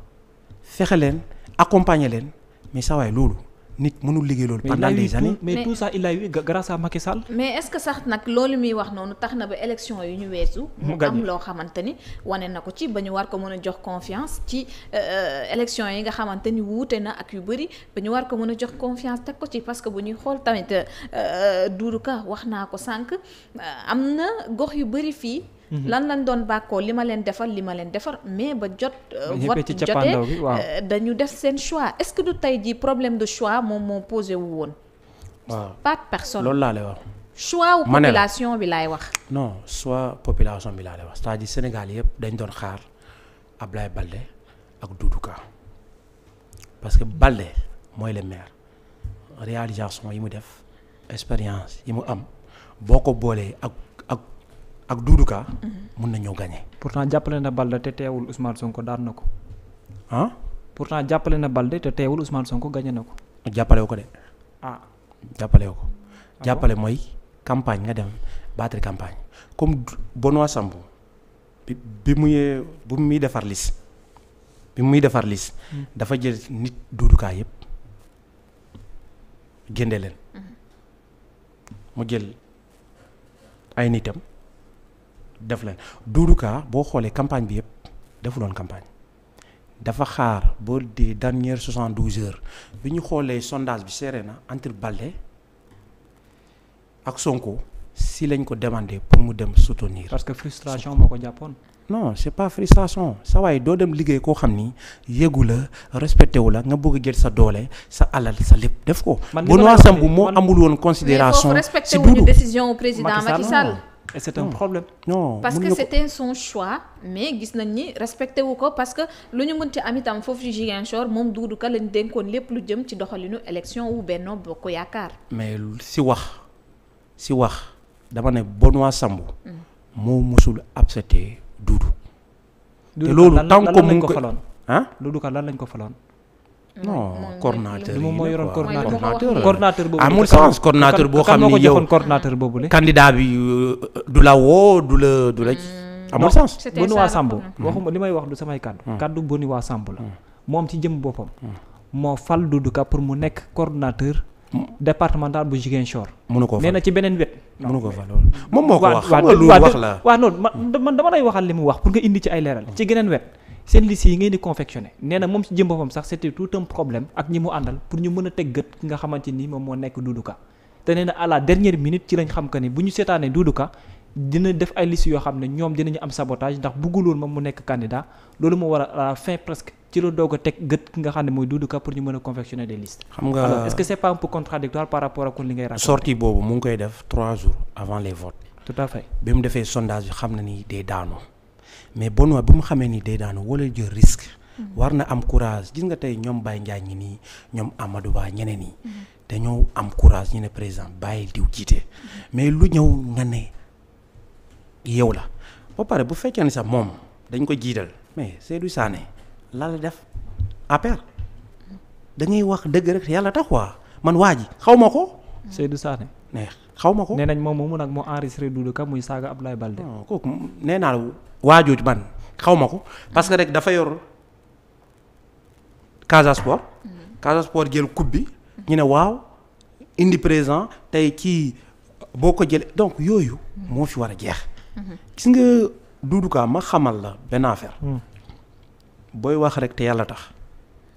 fexe leen accompagner leen mais saa loolu nit mënul liggéey loolu. pendant des années mais tout ça il l'a eu grâce à Macky Sall. mais est-ce que sax nag loolu muy wax noonu tax na ba élection yu ñu weesu. mu am loo xamante ni wane na ko ci ba ñu war ko mën a jox confiance ci euh, euh, élection yi nga xamante ni wuute na ak yu bëri ba ñu war ko mën a jox confiance teg ko ci parce que bu ñuy xool tamit euh, Doudou Ka wax naa ko sànq am na gox yu bëri fii. Mhm. lan lañ doon bàkkoo li ma leen defar li ma leen defar mais ba jot vote euh, jotee euh, dañu def seen choix est-ce que du tey ji problème de choix moom moo posé wu woon waaw pas de laa lay wax choix wu population bi laay wax non choix population bi laa lay wax cest à Sénégal yëpp dañ doon xaar Ablaye Balde ak Doudou Ka que Balde mooy le maire réalisation yi mu def expérience yi mu am boo ko boolee ak Doudou mhm. mun na ñëw gagné. pourtant jàppale na Balde te teewul Ousmane Sonko daan na ko. ah. pourtant jàppale na Balde te teewul Ousmane Sonko gagné na ko. jàppale ko de. Ah. jàppale ko. Ah jàppale mooy campagne nga dem battre campagne comme Benoît Sambou bi bi muy bu muy defar liste bi muy defar liste. Hmm. dafa jël nit Doudou Ka yëpp hmm. mu jël ay nitam. def leen Doudou Ka boo xoolee campagne bi yëpp defuloon campagne dafa xaar ba di dernière soixante douze heures bi ñu xoolee sondage bi serré na entre Balde ak Sonko si lañ ko demandé pour mu dem soutenir. parce que frustration moo ko jàppoon. non c'est pas frustration sa waaye doo dem liggéey koo xam ni yëgu la respecté wu la nga bëgg jël sa doole sa alal sa lépp def ko. man li ma moo amul woon considération si Doudou mais foofu et c'est un parce que c'était son choix mais gis nañ ni respecté wu ko parce que lu ñu mënti am itam foofu ci Ziguinchor moom Doudou Ka lañ dénkoon lépp lu jëm ci doxalinu élection wu Benno Bokk Yaakaar. mais si wax si wax dama ne Benoît Sambou. Mm. moo mosul accepté Doudou. te loolu tant que mu ngi ko ah Doudou Ka lan lañ ko faloon. non coordonnateur yi moom moo yoroon coordonnateur coordonnateur boobu ah, amul sens coordonnateur boo xam ni yow coordonnateur boobu le candidat bi euh, du la woo du la du la hmm. amul sens Boniwa Samb waxuma li may wax du samay kàddu hmm. kàddu waa Samb la hmm. moom ci jëm boppam moo fal Doudou Ka pour mu nekk coordonnateur départemental bu Ziguinchor mënu ko fal nee na ci beneen wet mënu ko fal moom moo ko wax xam nga lu wax la waaw noonu man dama lay waxal li mu wax pour nga indi ci ay leeral ci geneen wet seen liste yi ngeen di confectionné nee na moom ci jëm boppam sax c'était tout un problème ak ñi mu àndal pour ñu mën a teg gët ki nga xamante ni moom moo nekk Doudou Ka te nee na à ci lañ xam que ni bu ñu seetaanee Doudou Ka dina def ay liste yoo xam ne ñoom dinañu am sabotage ndax bëggul woon moom mu nekk candidat loolu moo war a à la fin presque ci la doog a teg gët ki nga xam ne mooy Doudou Ka pour ñu mën a confectionner des listes. xam nga alors est-ce que c'est pas un peu contradictoire par rapport ak li ngay raconté. sortie boobu mu ngi koy def trois jours avant les votes. tout à fait defee sondage xam na ni day daanoo mais bon Benoît bi mu xamee nii day daanu wala jël risque. Mm-hmm. war na am courage gis nga tey ñoom Baye Ndiaye ngi nii ñoom Amadou Ba ñeneen ñi. Mm-hmm. dañoo am courage ñu ne président bàyyi diw jiite. Mm-hmm. mais lu ñëw nga ne yow la ba pare bu fekkee ne sax moom dañ ko jiital mais Seydou Sané la la def affaire dangay wax dëgg rek yàlla tax waa man waa ji xawma ko. Seydou Sané neex. xaw ma ko nee nañ moom moo moomu nag moo enregistré Doudou Ka muy saaga Abdoulaye Balde. Oh, kooku nee naa la waajooju ban xaw ma ko parce que rek dafa yor Casa Sport. Mm-hmm. Casa Sport jël coupe bi. ñu ne waaw indi présent tey ci boo ko jëlee donc yooyu. Mm-hmm. moo fi war a jeex. Mm-hmm. gis nga Doudou Ka ma xamal la benn affaire. Mm. booy wax rek te yàlla tax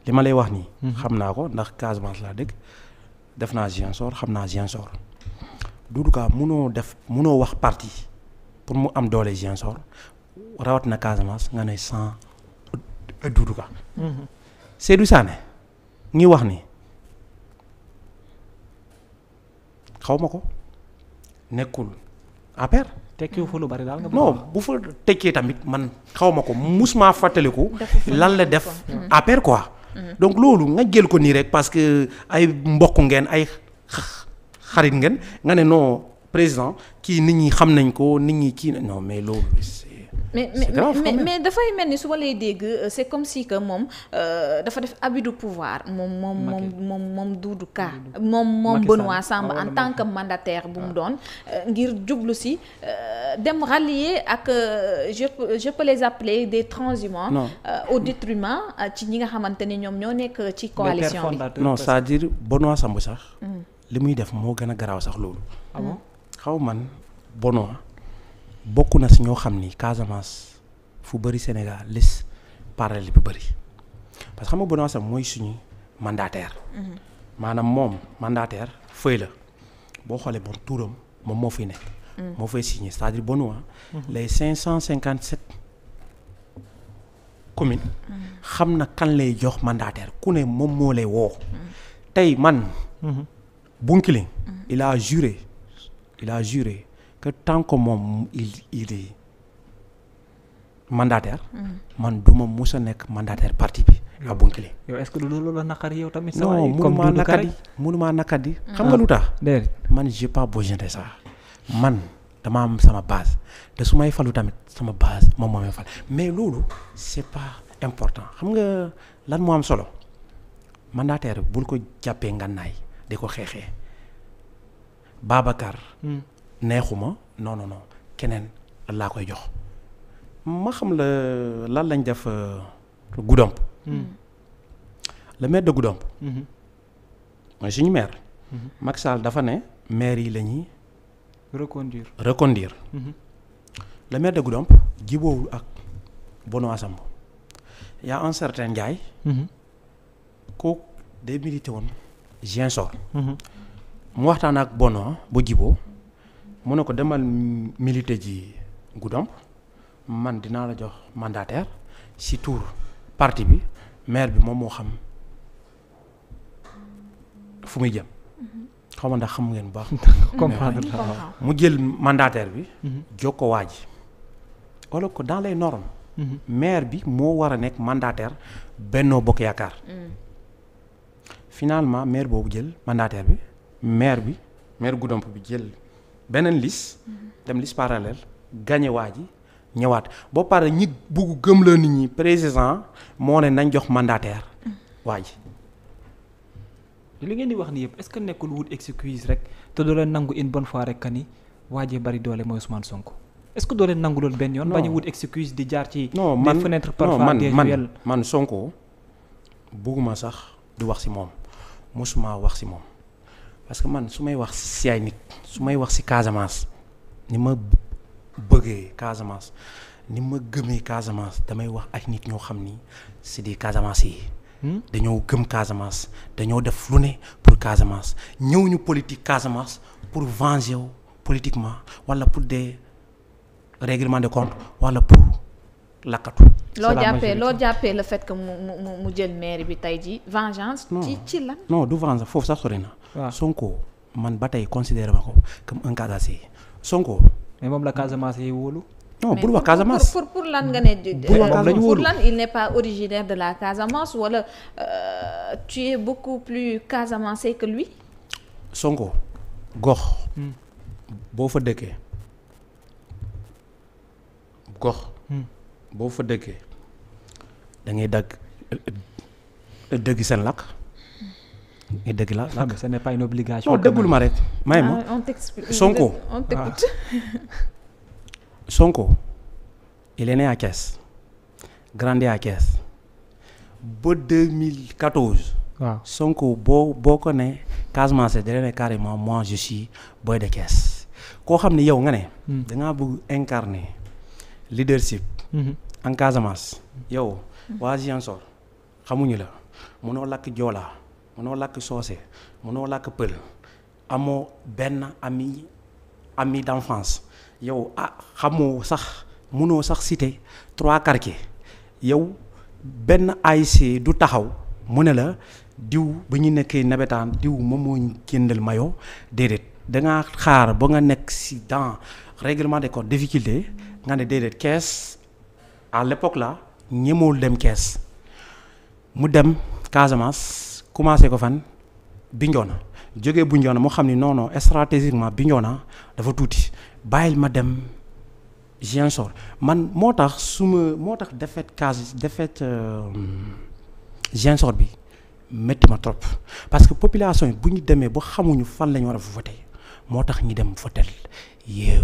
li ma lay wax nii. xam naa ko ndax Casamance laa dëkk def naa Ziguinchor xam naa Ziguinchor. Doudou munoo def munoo wax parti pour mu am doole Ziguinchor rawat na Casamance nga ne sans Doudou Ka mhm. Seydou Sané ngi wax ni xaw ma ko nekkul APR tekkiwu fa lu bari daal nga non bu fa tekkee tamit man xaw ma ko musuma fàttaliku lan la def APR quoi mhm. donc loolu nga jël ko nii rek parce que ay mbokk ngeen ay xarit ngeen nga ne noo président kii nit ñi xam nañ ko nit ñi kii non mais loolu. mais mais mais dafay mel ni su ma lay dégg euh, c' est comme si que moom euh, dafa def abus pouvoir moom moom moom moom moom Doudou Ka moom moom Benoît Sambou ah, en tant que mandataire bu mu ah. doon euh, ngir jublu si dem rallier ak je je peux les appeler des transhumants au détriment ci ñi nga xamante ni ñoom ñoo nekk ci coalition bi non cest dire Benoît Sambou sax li muy def moo gën a garaaw sax loolu. Ah xaw man bono bokk na si ñoo xam ni Casamance fu bëri Sénégal lis parallèle bi bëri parce que xam nga bono sax mooy suñu mandataire. Mm-hmm. maanaam moom mandataire fëy la boo xoolee bon tuuram moom moo fi nekk. Mm. moo fay signé c'est-à-dire bono mm-hmm. cinq cent cinquante sept commune mm. xam na kan lay jox mandataire ku ne moom moo lay woo. Mm. tey man. Mm-hmm. Bounkiling il a juré il juré que tant que moom il il est mm. man du ma mus a nekk mandataire parti bi. à Bounkiling. yow est-ce que loolu la naqari mm. xam nga lu tax. man j'ai pas besoin de man dama am sama base te su may falu tamit sama base moom moo may fal mais loolu c'est pas important xam nga lan moo am solo mandataire bul ko jàppee ngànnaay. di ko xeexee Babacar. Hmm. neexuma non non non keneen laa koy jox. ma xam la lan lañ def euh, Goudomp. Hmm. le maire de hmm. mooy suñu maire. Macky dafa ne maire yi la ñuy. reconduire reconduire. le maire de Goudomp jiboowul ak Benoît Sambou y a un certain Ndiaye. kooku woon. Ziguinchor mhm. mu waxtaan ak Bono bu Djibo mu ne ko demal milité ji Goudomp man dinaa la jox mandataire si tour parti bi maire bi moom moo xam fu muy jëm mhm. xaw ma ndax xam ngeen bu baax. mu jël mandataire bi. Mhm. jokkoo waa ji. wala ko dans les normes. maire bi moo war a nekk mandataire Benno Bokk Yaakaar. Mm. finalement maire boobu jël mandataire bi maire bi maire Goudomp bi jël beneen liste mhm. dem liste parallèle gagné waa ji ñëwaat boo paree ñi bugg gëm la nit ñi président moo ne nañ jox mandataire mhm. waa ji. li ngeen di wax ni yëpp est-ce que nekkul wut excuse rek te doo leen nangu une bonne fois rek que ni waa ji bari doole mooy Ousmane Sonko est-ce que doo leen nangu loolu benn yoon. non bañ a wut excuse di jaar ci. non man fenêtre parfois man man Sonko bugguma sax di wax si moom. mosuma wax si moom parce que man su may wax si ay su may wax si Casamance ni ma bëggee Casamance ni ma gëmee Casamance damay wax ay nit ñoo xam ni c'est des Casamance yi. Hmm? dañoo gëm Casamance dañoo def lu ne pour Casamance ñëw ñu politique Casamance pour venger wu politiquement wala pour de règlements de compte wala pour. lakkatu. loo jàppee loo jàppee le fait que mu mu mu jël maire bi tey ji vengeance. ci ci lan non du vengeance foofu sax sori na. waaw Sonko man ba tey considéré ma ko comme un Casamançais Sonko. mais moom la Casamance yi wóolu. non bul wax Casamance pour pour lan nga ne. bul wax euh, pour lan il n'est pas originaire de la Casamance wala euh, tu es beaucoup plus Casamançais que lui. Sonko gox. Hmm. boo fa dëkkee gox. boo fa dëkkee da ngay dagg dëgg seen làkk nga dëgg la làkk. ce n'est pas une obligation. non dëggul ma rek may ma ah, Sonko ah. Sonko il est né à Thiès grandi à Thiès ba 2014. Sonko boo boo ko ne Casamance da ne carrément moi je suis boy koo xam ne yow nga ne. Hmm. da ngaa bëgg leadership. Mhm. en Casamance mhm. yow mhm. waa Ziguinchor xamuñu la mënoo làkk joolaa mënoo làkk soose mënoo làkk pël amoo benn ami ami d'enfance yow ah xamoo sax mënoo sax cité trois quartiers yow benn ay AIC du taxaw mu ne la diw ba ñu nekkee nawetaan diw moom moo jëndal mayo déedéet da xaar ba nga nekk si dans règlement des comptes difficulté nga ne déedéet kees à l'époque là ñemewul dem Kees mu dem Casamance commencé ko fan bi Bignona jógee Bignona mu xam ni non non stratégiquement Bignona dafa tuuti bàyyil ma dem Ziguinchor man moo tax suma moo tax défaite Cas défaite euh, Ziguinchor bi metti ma trop parce que population yi bu ñu demee ba xamuñu fan la ñu war a voté moo tax ñi dem voté yeew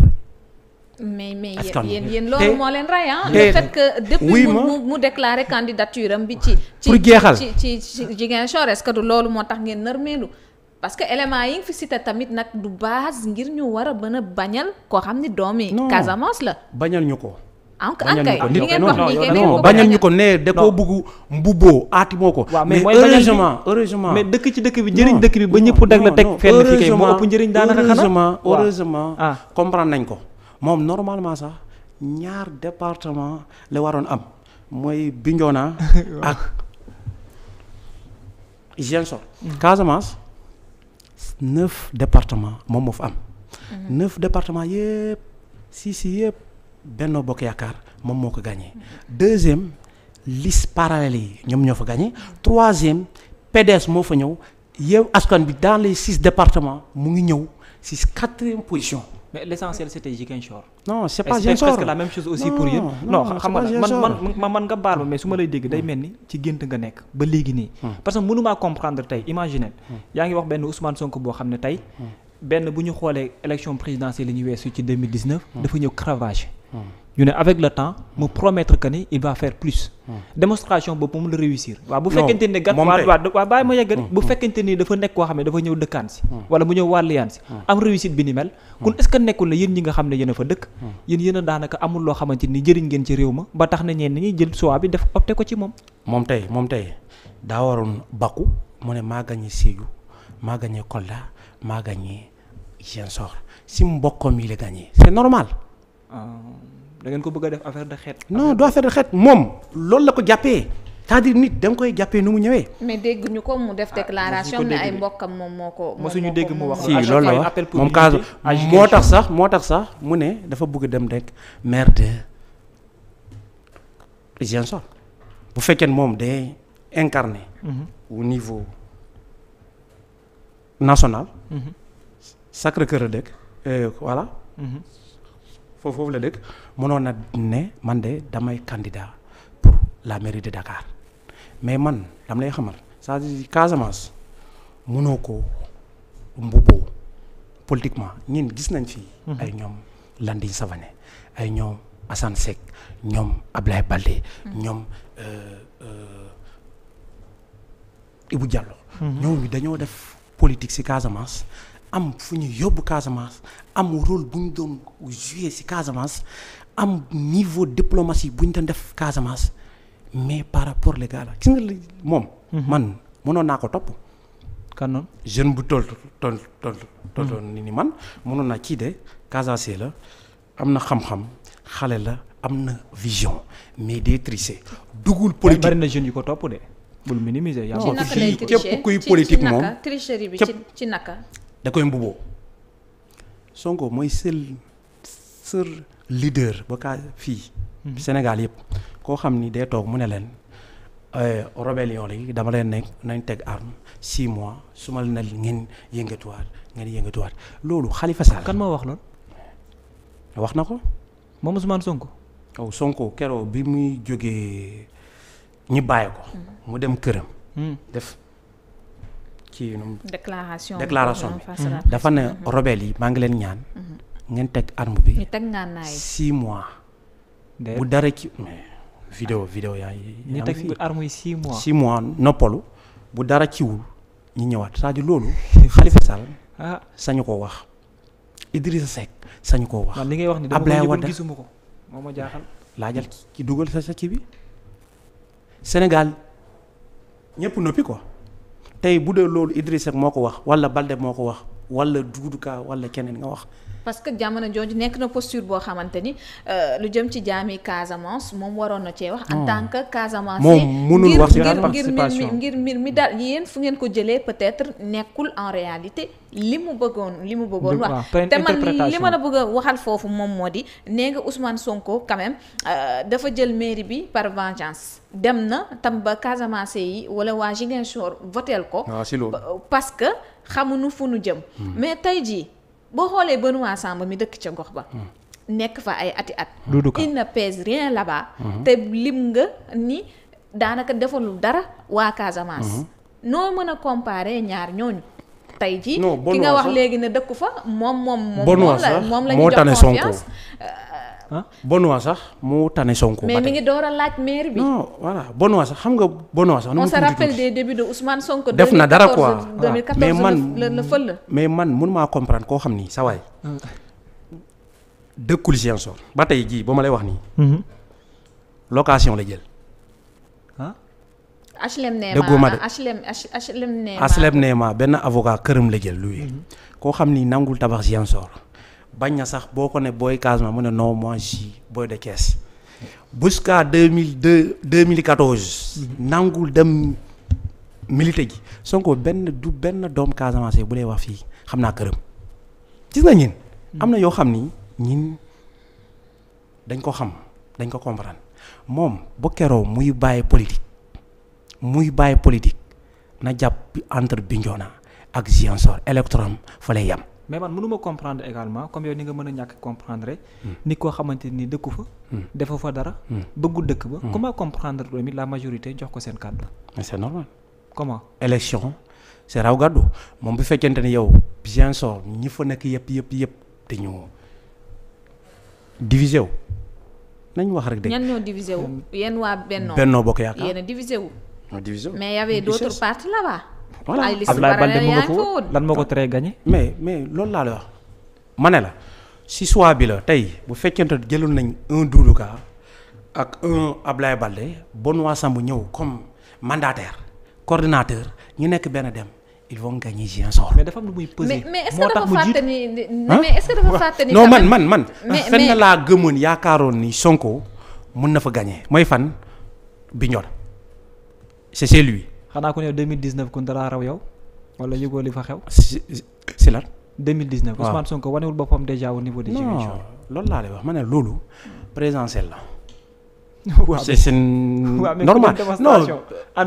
mais mais yéen yéen loolu moo leen rey ah. le fait que depuis mu mu déclaré candidature am bi ci. pour jeexal ci ci ci Ziguinchor est-ce du loolu moo tax ngeen nërmeelu parce que élément yi nga fi cité tamit nag du base ngir ñu war a mën a bañal koo xam ni doomi Casamance la. bañal ñu ko. bañal ñu ko non bañal ñu ko nee da koo bëgg mbubboo aatimoo ko. waaw mais heureusement heureusement. mais dëkk ci dëkk bi njëriñ dëkk ba ñëpp dag la njëriñ daanaka xanaa heureusement heureusement ah. comprendre nañ ko. moom normalement sax ñaar département la waroon am mooy Bignona ak Ziguinchor mm-hmm. Casamance neuf département moom moo fa am mm-hmm. neuf département yëpp si si yëpp Benno Bokk Yaakaar moom moo ko gagné mm-hmm. deuxième liste parallèle yi ñoom ñoo fa gagné troisième PDS moo fa ñëw Yewwi Askan bi dans les six départements mu ngi ñëw si quatrième position mais l'essentiel c'était Ziguinchor. non c'est pas Ziguinchor c'est presque la même chose aussi pour yéen. non xam nga man man man nga baal ma mais su ma lay dégg day hmm. mel ni ci gént nga nekk ba léegi nii. Hmm. parce que mënumaa comprendre tey imaginer hmm. yaa ngi wax benn Ousmane Sonko boo xam ne tey. benn bu ñu xoolee élection présidentielle yi ñu weesu ci 2019. dafa ñëw cravache. ñu ne avec le temps mu promettre que ni il va faire plus. Hmm. démonstration boobu moom la réussir. waaw bu fekkente ne gat waa waaw bàyyi ma yeggali. Hmm. bu fekkente ni dafa nekk koo xam ne dafa ñëw dëkkaan si. Hmm. wala mu ñëw wàlliyaan si. am réussite bi ni mel. kon est ce a a daanaka amul loo xamante ni jëriñ ngeen ci réew ma ba tax na ñeen ñi jël choix bi def opté ko ci moom. moom tey moom tey daa waroon bakku mu ne maa gagné Sédhiou maa gagné Kolda maa si mbokkom yi la gagné c'est normal. Ah. da ngeen ko bëgg def affaire de xeet. non du affaire de xeet moom loolu la ko jàppee cest nit da koy jàppee nu mu ñëwee. mais dégg ñu ko mu def ah, déclaration ne ay mbokkam moom moo ko. mosuñu dégg mu wax si loolu la wax moom kaas moo tax sax moo tax sax mu ne dafa bugg dem rek maire de Ziguinchor bu fekkee moom day incarné. Mhm. au mhm. a dëkk euh, voilà. Mhm. foofu foofu la dëkk mënoon na ne man de damay candidat pour la mairie de Dakar mais man dam lay xamal cest à Casamance mënoo ko mbubboo politiquement ñin gis nañ fi. Mhm. ay ñoom Landing Savané ay ñoom Assane Seck ñoom Ablaye Baldé mhm. ñoom euh, euh, Ibou Diallo mhm. ñoom dañoo def politique ci Casamance am fu ñu yóbbu Casamance am rôle bu ñu doon jouer ci Casamance am niveau diplomatie buñ ñu doon def Casamance mais par rapport les gars la moom. Mhm. man mënoon naa ko topp. kan jeune bu toll toll toll ni man mënoon naa kii de Casamance la am na xam-xam xale la am na vision mais day tricher. dugul politique bari na yu ko topp moom tricherie bi ci naka. da koy mbuboo Sonko mooy seul seul leader ba kaa fii. Mhm. Sénégal yëpp koo xam ni day toog mu ne leen eh, rébellion yi dama leen nekk nañ teg arme six mois su ma ne ngeen yëngatuwaat ngeen yëngatuwaat loolu xalifa Sall. kan moo wax loolu. wax na ko. moom Ousmane Sonko. waaw oh, Sonko keroo bi muy jógee ñu bàyyi ko. Mhm. mu dem këram. Mhm. def kii nu déclaration bi mhm. dafa ne rebelle yi maa ngi leen ñaan mhm. ngeen teg arme bi ñu teg ngànnaay six mois bu dara ci mais vidéo vidéo yaa ngi ñu teg arme mois noppalu bu dara ciwul ñu ñëwaat c'est-à-dire loolu Khalifa Sall ah. sañu koo wax Idrissa Seck sañu koo wax li ngay wax ni Abdoulaye Wade gisuma ko moo ma jaaxal laajal ki dugal sa sa kii bi Sénégal ñëpp noppi quoi tey bu dee loolu Idrissa moo ko wax wala Balde moo ko wax wala Doudou Ka wala keneen nga wax parce que jamono jooju nekk na posture boo xamante ni euh, lu jëm ci jaami Casamance moom waroon na cee wax. en oh. tant que Casamance. moom mënul wax ngir ngir ngir mbir mi daal yéen fu ngeen ko jëlee peut-être nekkul en réalité li mu bëggoon li mu bëggoon wax. te man li ma la bëgg a waxal foofu moom moo di nee nga Ousmane Sonko quand euh, dafa jël mairie bi par dem na tam ba Casamance yi wala waa Ziguinchor votel ko. Ah, parce que xamuñu fu nu jëm. Hmm. mais tey jii. boo xoolee Benoît sàmba mi dëkk ca gox ba. Hmm. nekk fa ay ati at. il ne pèse rien là hmm. te lim nga ni daanaka defalul dara waa Casamance. Hmm. noo mën a comparer ñaar ñooñu. tey jii ki nga wax léegi ne dëkku fa moom moom. moom la moom la jox confiance euh, ah Benoît sax mu tane Sonko. mais mi ngi door a laaj maire bi. non voilà Benoît sax xam nga Benoît sax. nu mu tudd tuuti rappelle des débuts de Ousmane Sonko. def na dara quoi 2014 mais man la fël mun maa comprendre koo xam ni sa waay. dëkkul Ziguinchor ba tey jii ba ma lay wax nii. Mhm. location la jël. HLM Neema benn avocat këram la jël luy. Mhm. koo xam ni nangul tabax Ziguinchor. bañ na sax boo ko ne booy Casamance mu ne non moi ji booy de Thiès jusqu'à deux mille deux deux mille quatorze nangul dem milité ji Sonko benn du benn doom Casamance bu lay wax fii xam naa këram gis nga ñin am na yoo xam ni ñin dañ ko xam dañ ko comprendre moom ba keroo muy bàyyi politique muy bàyyi politique na jàpp entre Bignona ak Ziguinchor électron fa lay yem mais man mënuma comprendre également comme yow ni nga mën a ñàkk comprendre hmm. ni koo xamante ni dëkku fa hmm. defu fa dara hmm. bëggul dëkk ba comment comprendre tamit la majorité jox ko seen kàddu mais c'est normal comment élection c'est raw gàddu moom bu fekkente ne yow bien sûr ñi fa nekk yëpp yëpp yëpp dañu divisé wu nañ wax rek dëgg ñan ñoo divisé wu yéen waa Benno Benno Bokk Yaakaar yéen a divisé wu mais y avait d'autres partis là voilà Abdoulaye Balde mu ko lan moo ko teree gagné. mais mais loolu laa wax ma ne la si choix bi tey bu fekkente jëloon nañ un Doudou Ka ak un Abdoulaye Balde Benoît Sambou ñëw comme mandataire coordinateur ñu nekk benn dem. il vont gagner Ziguinchor. mais dafa am lu muy peser. moo tax mu jiitu mais man man man. fenn laa gëmoon yaakaaroon ni Sonko mun na fa gagner mooy fan bi ñor c'est chez lui. xanaa ku ne 2019 kon dalaa raw yow wala yëgoo li fa xew. si si lan. 2019 waaw Ousmane Sonko wanewul boppam déjà au niveau. de Ziguinchor non loolu laa lay wax ma ne loolu présidentiel la. waaw c'est c'est normal non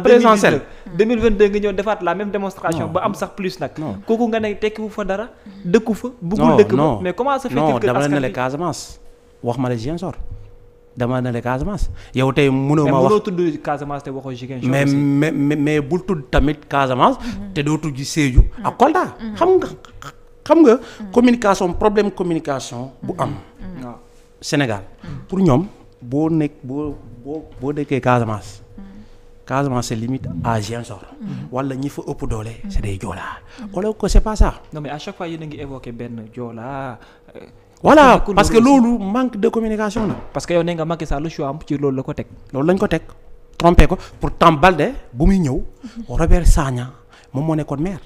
présidentiel. 2022 nga ñëw defaat la même démonstration. ba am sax plus nag. kooku nga ne tekkiwu fa dara. dëkku fa bëggul dëkk fa mais comment ça fait que. askan bi dama la ne la Casamance wax ma la Ziguinchor. dama ne la Casamance yow tey mënoo ma wax mais bul tudd tamit Casamance. Mhm. te doo tudd Sédhiou ak Kolda. Mhm. xam nga xam nga. Mhm. communication problème communication bu am. waaw Sénégal pour ñoom boo nekk boo boo boo nekkee Casamance. Casamance c'est limite à Ziguinchor. wala ñi fa ëpp doole. c'est des Joola. wala ko c'est pas mais à chaque fois yéen ngi évoqué benn Joola. Euh, voilà parce que loolu manque de communication la. parce que yow nee nga Macky Sall choix am ci loolu la ko teg. loolu lañ ko teg trompé ko pourtant Balde bu muy ñëw Robert Sagna moom moo nekkoon maire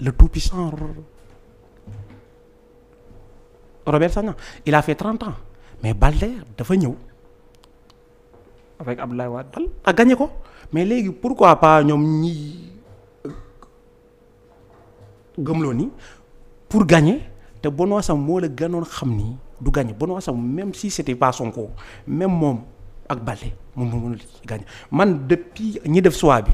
le tout puissant Robert Sagna il a fait 30 ans mais Balde dafa ñëw. avec Abdoulaye Wade. a gagné ko mais léegi pourquoi pas ñoom ñi euh, gëmloo ni pour gagner. te Benoît Sam moo la gënoon xam ni du gagné Benoît Sam même si c'était pas Sonko même moom ak Baldé moom moo mënul gagné man depuis ñi def choix bi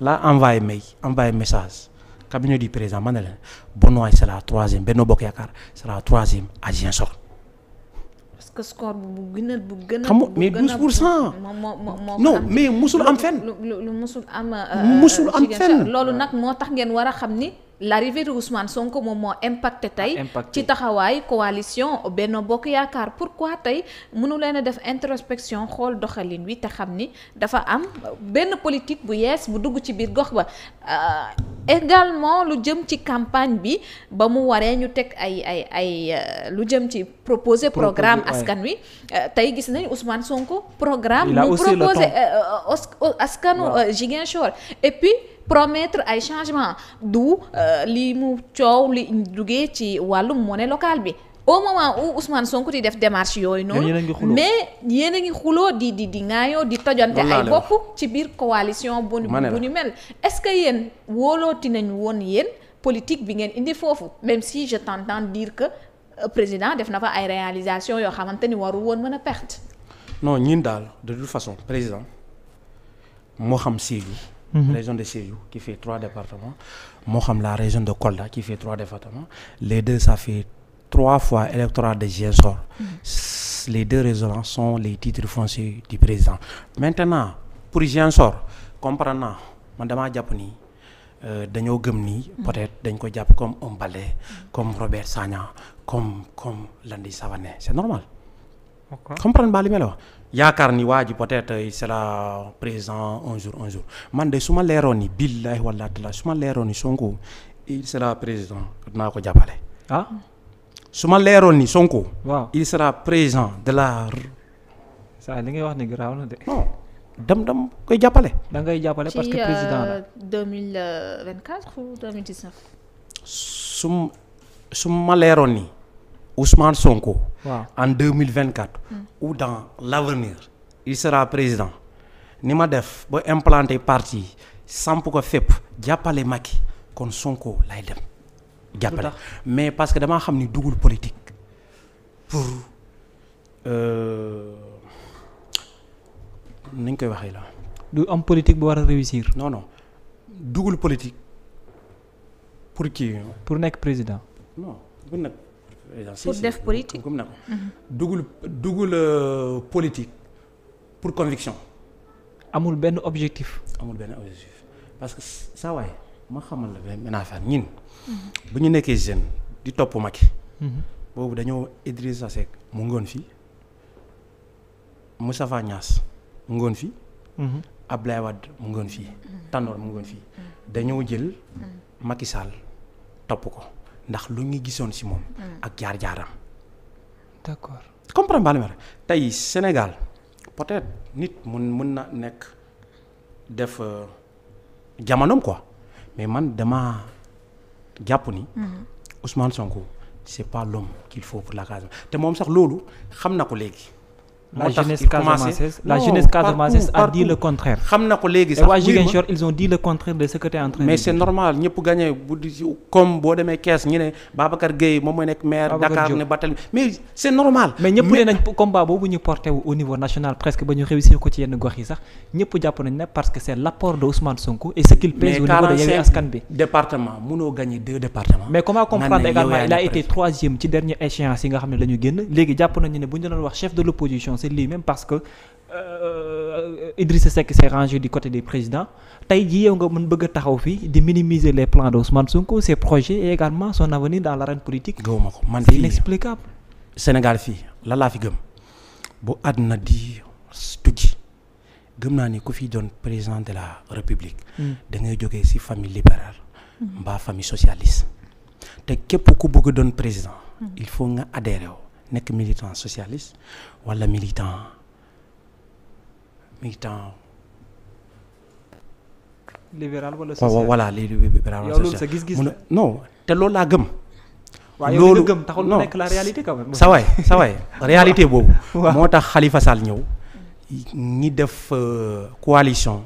laa envoyé mail envoyé message cabinet du président ma ne leen Benoît c'est la troisième Benno Bokk Yaakaar c'est la troisième à parce que score bu gën a bu gën a xam mais 12 musul am fenn lu musul am euh, musul am fenn loolu nag moo tax ngeen war a xam ni l'arrivée de Ousmane Sonko moom moo impacté tey ah, ci taxawaay coalition benn Bokk Yaakaar pourquoi tey mënu leen a def introspection xool doxalin wi te xam ni dafa am benn politique bu yees bu dugg ci biir gox ba euh, également lu jëm ci campagne bi ba mu waree ñu teg ay ay ay euh, lu jëm ci proposer programme askan wi euh, tey gis nañ Ousmane Sonko programme mu proposer askanu Ziguinchor et promettre ay changement du euh, lii mu coow li duggee ci wàllum monnaie local bi au moment où Ousmane Sonko di def démarche yooyu noonu mais yéen a ngi xuloo di di di ŋaayoo di tojante ay bopp ci biir coalition bu bu ñu mel est-ce que yéen woolooti nañu woon yéen politique bi ngeen indi foofu même si je t'entends dire que euh, président def na fa ay réalisation yoo xamante ni waru woon mën a perte no ñun daal de toute façon président moo xam Sédhiou Mm-hmm. région de Sédhiou qui fait trois départements moo xam la région de Kolda qui fait trois départements les deux ça fait trois fois électorat de Ziguinchor mm-hmm. les deux régions sont les titres fonciers du président maintenant pour Ziguinchor comprendre naa man damaa jàpp nii euh, dañoo gëm nii mm-hmm. peut-être dañ ko jàpp comme un balai comme Robert Sagna comme comme Landing Savané c'est normal comprendre baa li ma la wax yaakaar ni waaj ji peut-être président un jour un jour man de su ma leeroon nii billahi wala taala su ma leeroon ni Sonko il sera président dinaa ko jàppale. ah ma leeroon ni Sonko. waaw il sera président de saa li ngay wax ni garaaw na de. dam dam koy jàppale. da ngay jàppale parce que président la ci 2024 euh, ou 2019. su ma leeroon nii Ousmane Sonko. waaw en deux mille vingt quatre. ou dans l' avenir. il sera président ni ma def ba implanter parti samp ko fépp jàppale Macky kon Sonko lay dem. jàppale mais parce que damaa xam ni dugul politique pour euh, nañ koy waxee la. du am politique bu war a réussir. non non dugul politique pour kii. pour nekk président. présidentielle pour def euh, politique gëm na ko. Mhm. Euh, pour conviction. amul benn objectif. amul benn objectif parce que saa waay ma xamal la benn benn ñin. bu ñu nekkee jeune di topp Macky. Mhm. boobu dañoo Idrissa Seck mu ngoon fii Moustapha Niass mu ngoon fii. Mhm. Ablaye Wade mu ngoon fii. Tanor mu ngoon fii. dañoo jël Macky Sall topp ko. ndax lu ñu gisoon si moom. Mm. ak jaar-jaaram. d'accord comprendre nga li tey Sénégal peut-être nit mun mun na nekk def euh, jamonoom quoi mais man dama jàpp ni. Mm-hmm. Ousmane Sonko c'est pas l'homme qu'il faut pour la Casamance te moom sax loolu xam na ko léegi. la jeunesse casamançaise la jeunesse le contraire. xam na ko léegi sax ils ont dit le contraire de ce que mais c'est normal ñëpp gagné bu comme boo demee kees ñu ne Babacar Gueye moom mooy nekk maire. Dakar ne Barthélémy mais c'est normal. mais ñëpp ne nañ combat boobu ñu porté wu au niveau national presque ba ñu réussir ko ci yenn gox yi sax ñëpp jàpp nañ ne parce que c'est l'apport de Ousmane Sonko et ce qu'il pèse au niveau de Yewwi yi dénoncer lui-même parce que euh, Idrissa Seck s'est rangé du côté des présidents tey jii yow nga mën bëgg taxaw fii di minimiser les plans de Ousmane Sonko ses projets et également son avenir dans l'arène politique. gëwuma ko man c'est inexplicable. Sénégal fii lan laa fi gëm bu àdduna di tukki gëm naa ni ku fi doon président de la république. Hmm. da ngay jógee ci famille libérale. Hmm. mbaa famille socialiste. te képp ku bëgg doon président. Hmm. il faut nga adhérer nekk militant socialiste wala militant militant. libéral wala social voilà libéral wala social mun a non te loolu laa gëm. loolu waaw gëm taxul mu sa sa waay boobu. moo tax Khalifa Sall ñëw. ñi def euh, coalition.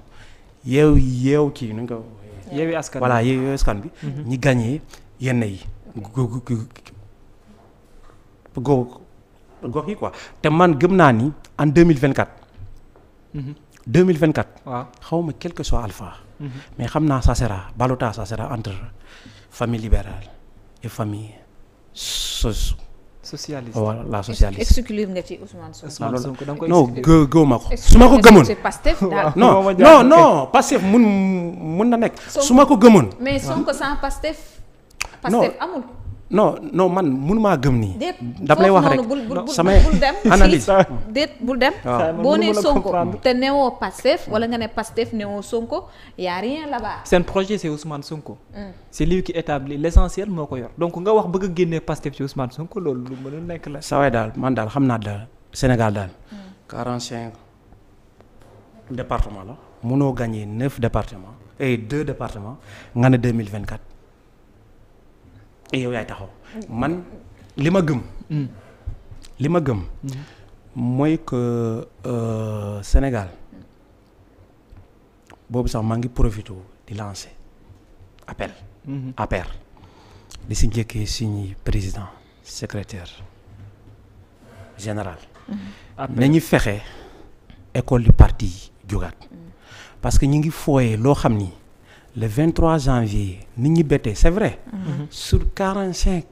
yeew yeew kii nu ñu ko. askan bi mhm. ñi gagné yenn yi. gox yi quoi te man gëm naa ni en deux mille vingt quatre. Mhm. deux ma quel que soit alpha. Mhm. mais xam naa ça sera balota ça sera entre famille libérale et famille sos. socialiste voilà la socialiste. exclure nga ci Ousmane Sonko. da nga ma ko. su ma ko gëmoon non non non mun mun na nekk. su ma ko gëmoon. mais Sonko sans Pastef. Pastef amul. non non man mënumaa gëm nii. daf lay wax rek samay analyse déet bul dem ah. boo nee Sonko te newoo Pastef wala nga ne Pastef newoo Sonko y a rien là-bas. seen projet c'est Ousmane Sonko. Hmm. c'est lui qui établit l'essentiel moo ko yor donc nga wax bëgg a génnee Pastef ci Ousmane Sonko loolu lu mënul nekk la. saa daal man daal xam naa daal Sénégal daal. 45 hmm. département la. mënoo gagner 9 départements. et 2 départements nga ne 2024. yow yaay taxaw mm-hmm. man li ma gëm mm-hmm. li ma gëm mm-hmm. mooy que euh, Sénégal boobu sax maa ngi profité di lancer appel appel di si njëkkee suñuy président secrétaire général nañu fexe école du parti yi jógaat parce que ñi ngi fooyee loo xam ni le 23 janvier nit ñi bette c'est vrai. Mm -hmm. sur 45 cinq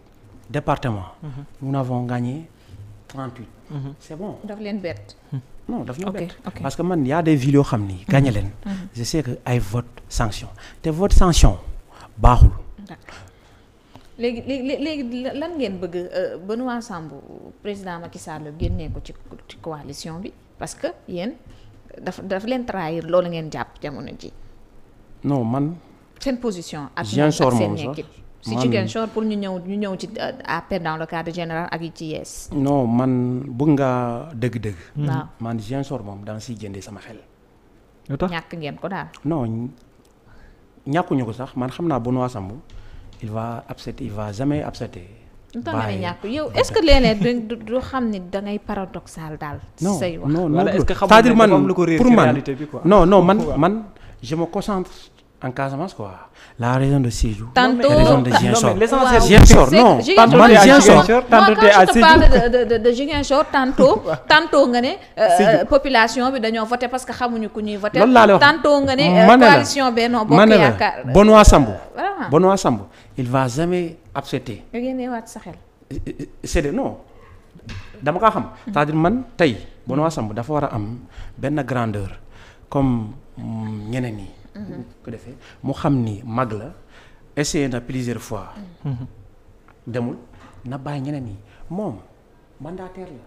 Mm -hmm. nous n'avons gagné 38. Mm-hmm. daf leen bett. Mm-hmm. non daf ñu bett parce que man y a des yoo xam ni mm-hmm. gagné leen. je sais que ay vote sanction te vote sanction baaxul. léegi léegi lan ngeen bëgg euh, Benoît Sambou président Macky Sall génnee ko ci ci coalition bi parce que yéen daf daf leen trahir loolu ngeen jàpp jamono ji. non man. seen position ak Ziguinchor moom sax si Ziguinchor pour ñu ñëw ñu ñëw ci euh, APR dans le cadre général ak yi ci yees. non man bëgg nga dëgg-dëgg. Hmm. waaw man Ziguinchor moom daan siy jëndee sama xel. lu tax ñàkk ngeen ko daal. non ñàkkuñu ko sax man xam naa Benoît Sambou il va accepter il va jamais accepter. bàyyi ñàkk yow est ni da ngay paradoxal daal. man pour man non non man. je me concentre en Casamance quoi la région de Sédhiou. tantôt la de Ziguinchor. non mais l'essentiel Ziguinchor non. man Ziguinchor tantôt tey nga ne. Euh, population bi dañoo voté parce que xamuñu ku ñuy voté. loolu laa la wax tantôt nga ne. coalition Benno Bokk Yaakaar ma ne il va jamais accepter. sa xel. Euh, euh, c'est non dama kaa xam. Hmm. c'est-à-dire man tey Benoît Sambou dafa war a am benn grandeur. comme mm, ñeneen yi mm-hmm. ko defee mu xam ni mag la essayé na plusieurs fois mm-hmm. demul na bàyyi ñeneen yi moom mandataire la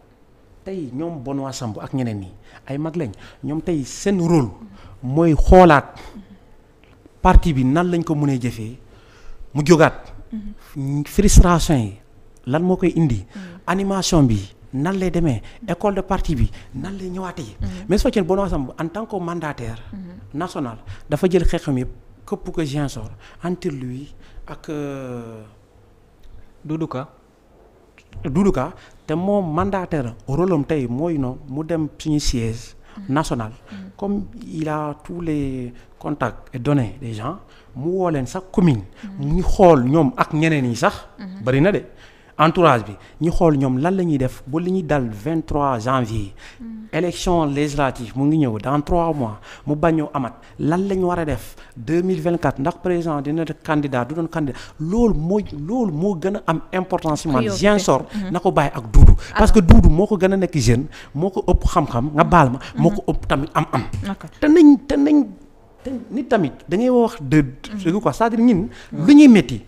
tey ñoom Benoît Sambou ak ñeneen yi ay mag lañ ñoom tey seen role mooy xoolaat partie bi nan lañ ko mënee jëfee mu jógaat mm-hmm. frustration yi lan moo koy indi animation bi nan lay demee école de partie bi nan lay ñëwaatee. Mm-hmm. mais su fekkee Benoît Sambou en tant que mandataire. Mm-hmm. nationale dafa jël xeexam yëpp këpp ko Ziguinchor entre lui ak. Euh, Doudou Ka. te moom mandataire rôle tey mooy noonu mu dem suñu siège. Mm-hmm. national comme il a tous les contacts et données des gens mu woo leen sax commune. ñu xool ñoom ak ñeneen ñi sax. bari de. entourage bi ñu xool ñoom lan la ñuy def ba li ñuy dal 23 janvier. Mm. élection législative mu ngi ñëw dans 3 mois mu bañ amat lan la ñu war a def 2024 ndax présent dina de candidat du doon candidat loolu mooy loolu moo gën a am importance man Ziguinchor mm-hmm. na ko bàyyi ak Doudou ah. parce que duudu moo ko gën a nekk jeune moo ko ëpp xam-xam nga baal ma mm-hmm. moo ko ëpp tamit am am te nañ te nañ nit tamit dangay ngay wax dëgg mm. quoi c'est-à-dire ñin lu ñuy métti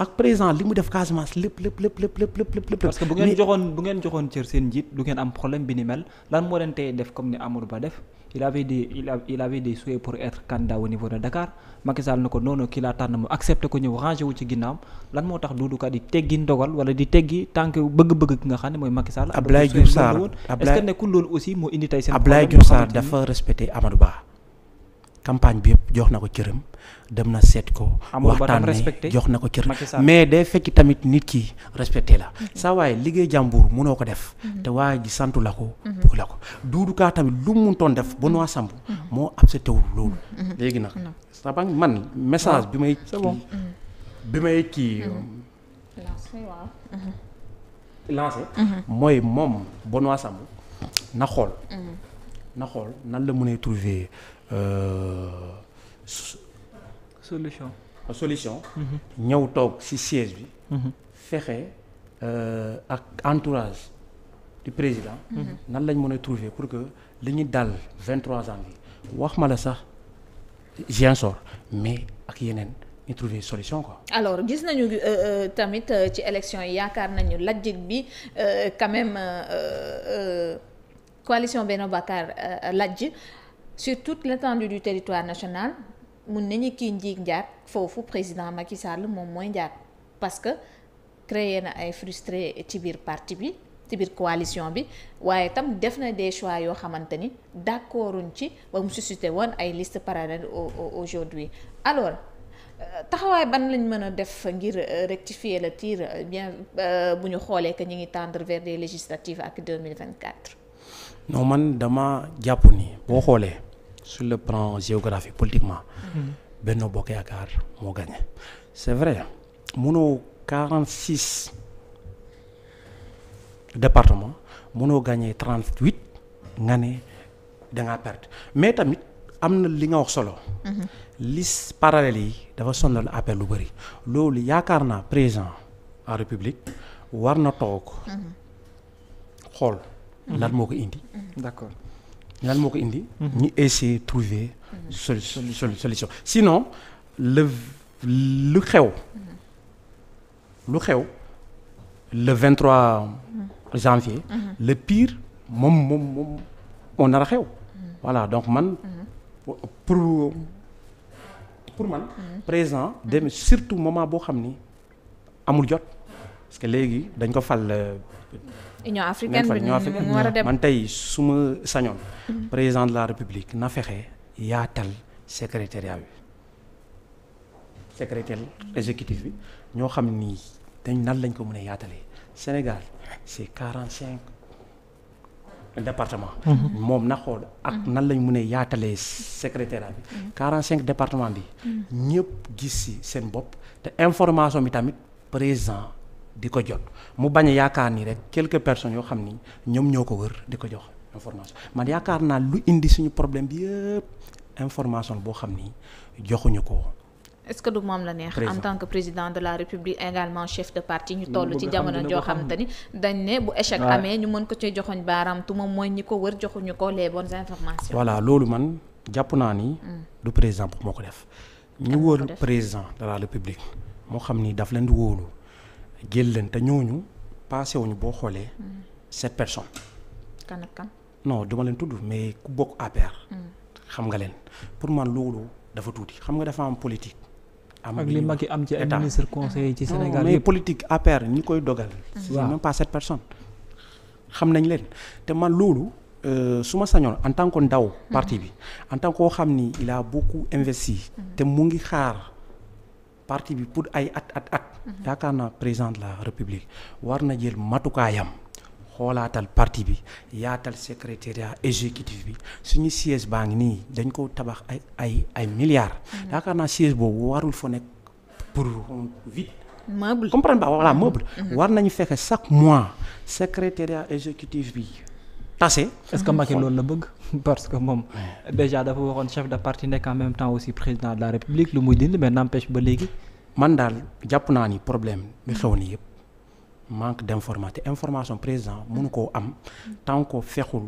ak présent li mu def Casamance lépp lépp lépp lépp lépp lépp lépp lépp parce que bu ngeen joxoon bu ngeen joxoon cër seen njiit du ngeen am problème bi ni mel lan moo leen tey def comme ni Amadou Ba def il avait des il avait des souhaits pour être candidat au niveau de Dakar Macky na ko noonu kii laa tànn mu accepté ko ñëw rangé wu ci ginnaawam lan moo tax du Ka di teggi ndogal wala di teggi tànk bëgg-bëgg ki nga xam ne mooy Macky Sall Abdoulaye Diouf Sarr est-ce que nekkul loolu aussi moo indi tey seen Abdoulaye dafa Ba campagne bi yëpp jox na ko cëram dem na seet ko. waxtaan ne jox na ko cër mais day fekk tamit nit ki respecté la. Mhm. saa waaye liggéey jàmbur munoo ko def. Mhm. te waa ji santu la ko. Mhm. bugg la ko duudu kaa tamit lu mu muntoon def ba noo samp. moo accepté wul loolu. léegi nag sabang man message bi may. c'est bon bi euh, mooy moom Benoît na xool na xool nan la mënee trouver euh, solution. Ah, solution. Mm-hmm. ñëw toog ci siège bi. Mm-hmm. fexe euh, ak entourage du président. Mm-hmm. nan lañ mën a trouver pour que li ñu dal vingt trois ans bi wax ma la sax Ziguinchor mais ak yeneen. ñu trouver solution quoi. alors gis nañu euh, euh, tamit ci élection yi yaakaar nañu lajjit bi quand même euh, euh, coalition Benno Bokk Yaakaar lajj sur toute l'étendue du territoire national mun nañu kii njiig njaat foofu président Macky Sall moom mooy njaat parce que créé na ay frustré ci biir parti bi ci biir coalition bi waaye tam def na des choix yoo xamante ni d'accorduñ ci ba mu suscité woon ay liste parallèle aujourd'hui alors euh, taxawaay ban lañ mën a def ngir euh, rectifier le tir euh, bien bu ñu xoolee que ñu ngi tendre vers des législatives ak 2024 non man dama jàpp ni boo xoolee sur le plan géographique politiquement. Mhm. Benno Bokk Yaakaar moo gagné. c'est vrai mënoo 46 département mënoo gagné 38 nga ne da perte mais tamit am na li nga wax solo. Mhm. liste parallèle yi dafa sonal appel lu bari loolu yaakaar naa président en république war na toog. Mhm. xool lan moo ko indi. lan moo ko indi. Mhm. ñu essayer trouver mhm. solution solution sinon le lu xew. Mhm. lu xew le janvier. le pire moom moom moom moo nar a xew. voilà donc man. pour pour man. présent dem surtout moment boo xam ni amul jot. parce que léegi dañ ko fal. Euh, Union africaine bi mu war a dem man tey su sañoon. Mm-hmm. président de la république na fexe yaatal secrétariat bi secrétaire exécutif bi ñoo xam ni te nan lañ ko mën a yaatalee Sénégal c'est quarante cinq département mm-hmm. moom mm-hmm. lañ mën a yaatalee secrétariat bi quarante gis si seen bopp te information bi tamit président di ko jot mu bañ a yaakaar ni rek quelques personnes yoo xam ni ñoom ñoo ko wër di ko jox information man yaakaar naa lu indi suñu problème bi yëpp information boo xam ni joxuñu ko. est-ce que du moom la neex en tant que président de la république également chef de parti ñu toll ci jamono joo xam te ni dañ ne bu échec amee ñu mën ko ci joxoñ baaraam tu mooy ñi ko wër joxuñu ko les bonnes informations voilà loolu man jàpp naa ni hmm. du président moo de la république moo xam ni daf jël leen te ñooñu passé wuñu boo xoolee. cette mm. personne. kan ak kan. non duma leen tudd mais ku bokk APR. Mm. xam nga leen pour man loolu dafa tuuti xam nga dafa am politique. am ak li mag am ci ay ministre conseil ci mm. Sénégal mais politique APR ñi koy dogal. waaw même xam nañ leen te man loolu euh, su ma sañoon en tant que ndaw. parti bi en tant que koo xam ni il a beaucoup investi. te mu ngi xaar parti bi pour ay at at at. yaakaar naa président de la république war na jël matukaayam xoolaatal parti bi yaatal secrétariat exécutif bi suñu siège baa ngi nii dañ koo tabax ay ay ay milliards. Mm. yaakaar naa siège boobu warul fa nekk pour vite. meuble comprendre ba voilà meuble. Mm-hmm. war nañu fexe chaque mois secrétariat exécutif bi tase. est-ce que Macky loolu la bëgg. parce que moom déjà dafa waxoon chef de parti nekk en même temps aussi président de la république lu muy dindi mais n'empêche ba léegi. man daal jàpp naa ni problème bi xew ni yëpp manque d'information te information président mënu koo am tant que fexul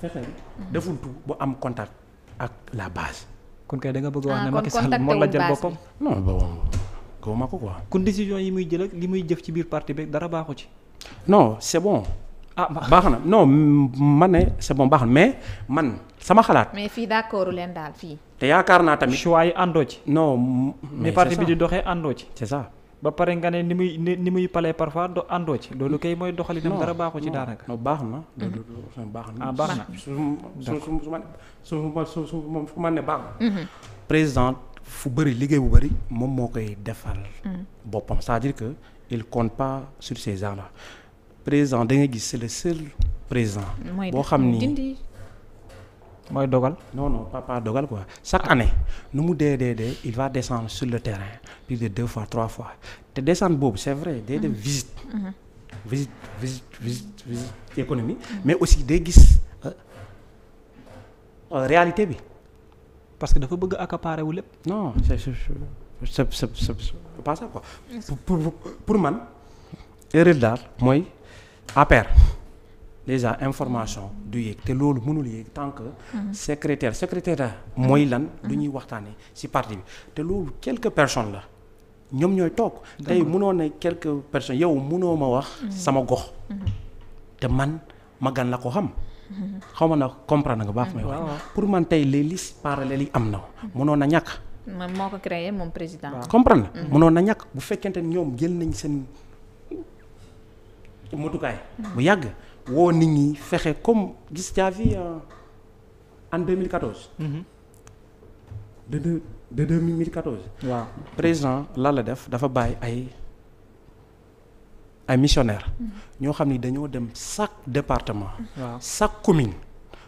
fexeel deful tout bu am contact ak la base. kon kay danga bëgg a wax ne ah, Macky Sall la jël boppam non ko quoi. kon décision yi muy jël li muy jëf ci biir parti bi dara baaxu ci. no c'est bon. ah baax na non man ne c'est bon baax na mais man. sama xalaat. mais fii d'accord leen daal fii. te yaakaar naa tamit. choix yi àndoo ci. non mais parti bi di doxee àndoo ci. c'est ça ba pare nga ne ni muy ni muy palee parfois do àndoo ci. loolu kay mooy doxalinam dara baaxu ci daanaka. non baax na. Mm-hmm. baax na ah, baax na. su su su su ma ne baax na. Mm-hmm. président fu bari liggéey bu bari moom moo koy defal. Mm-hmm. boppam cest dire que il compte pas sur ces gens-là président da gis c'est le seul président. boo xam ni. mooy dogal non non papa dogal quoi chaque année nu mu dee dee dee il va descendre sur le terrain plus de deux fois trois fois te descendre boobu c'est vrai day def visite. Mm-hmm. visite visite visite visite économie mm-hmm. mais aussi day gis euh, euh, réalité bi. parce que dafa bëgg accaparer wu lépp. non c'est c'est c'est pas pour pour pour man erreur daal mooy APR. déjà information du yéeg te loolu mënul yéeg tant que mhm. secrétaire secrétaire mooy mhm. lan lu mhm. ñuy waxtaanee ci parti bi te loolu quelque personnes la ñoom ñooy toog tey mënoo ne quelques personnes yow mënoo ma wax sama gox te man ma gan la ko xam xaw ma na comprendre nga baax may wax pour man tey les listes parallèles yi am na mënoon na ñàkk moom moo ko créé moom président comprendre mënoon na ñàkk bu fekkente ñoom jël nañ seen motukaay bu yàgg woo nit ñi fexe comme gis nga fi euh, en 2014. Mhm. de de de 2014. waaw président la la def dafa bàyyi ay ay missionnaires. Mhm. ñoo xam ni dañoo dem chaque département. waaw chaque commune.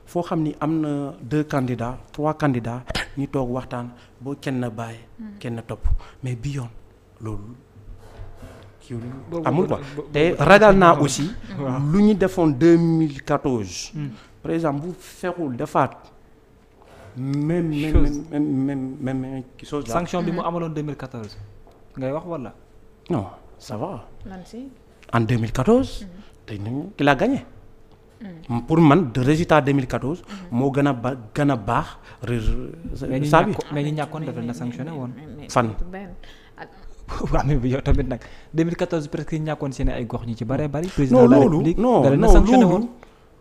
foo xam ni am na deux candidats trois candidats ñu toog waxtaan boo kenn bàyyi. Mhm. kenn topp mais bi yoon loolu. amul quoi te ragal naa aussi lu ñu defoon 2014 hmm. par exemple bu fexul defaat même même même même sanction bi mu hmm. amaloon 2014 ngay wax wala sa ça va en 2014 hmm. tey nañu ki la gagné pour man de résultat 2014 moo gën a ba gën a baax saa bi fan waa mais yow tamit nag 2014 presque ñàkkoon seen ay gox ñu ci bare bari. président de la république non loolu non loolu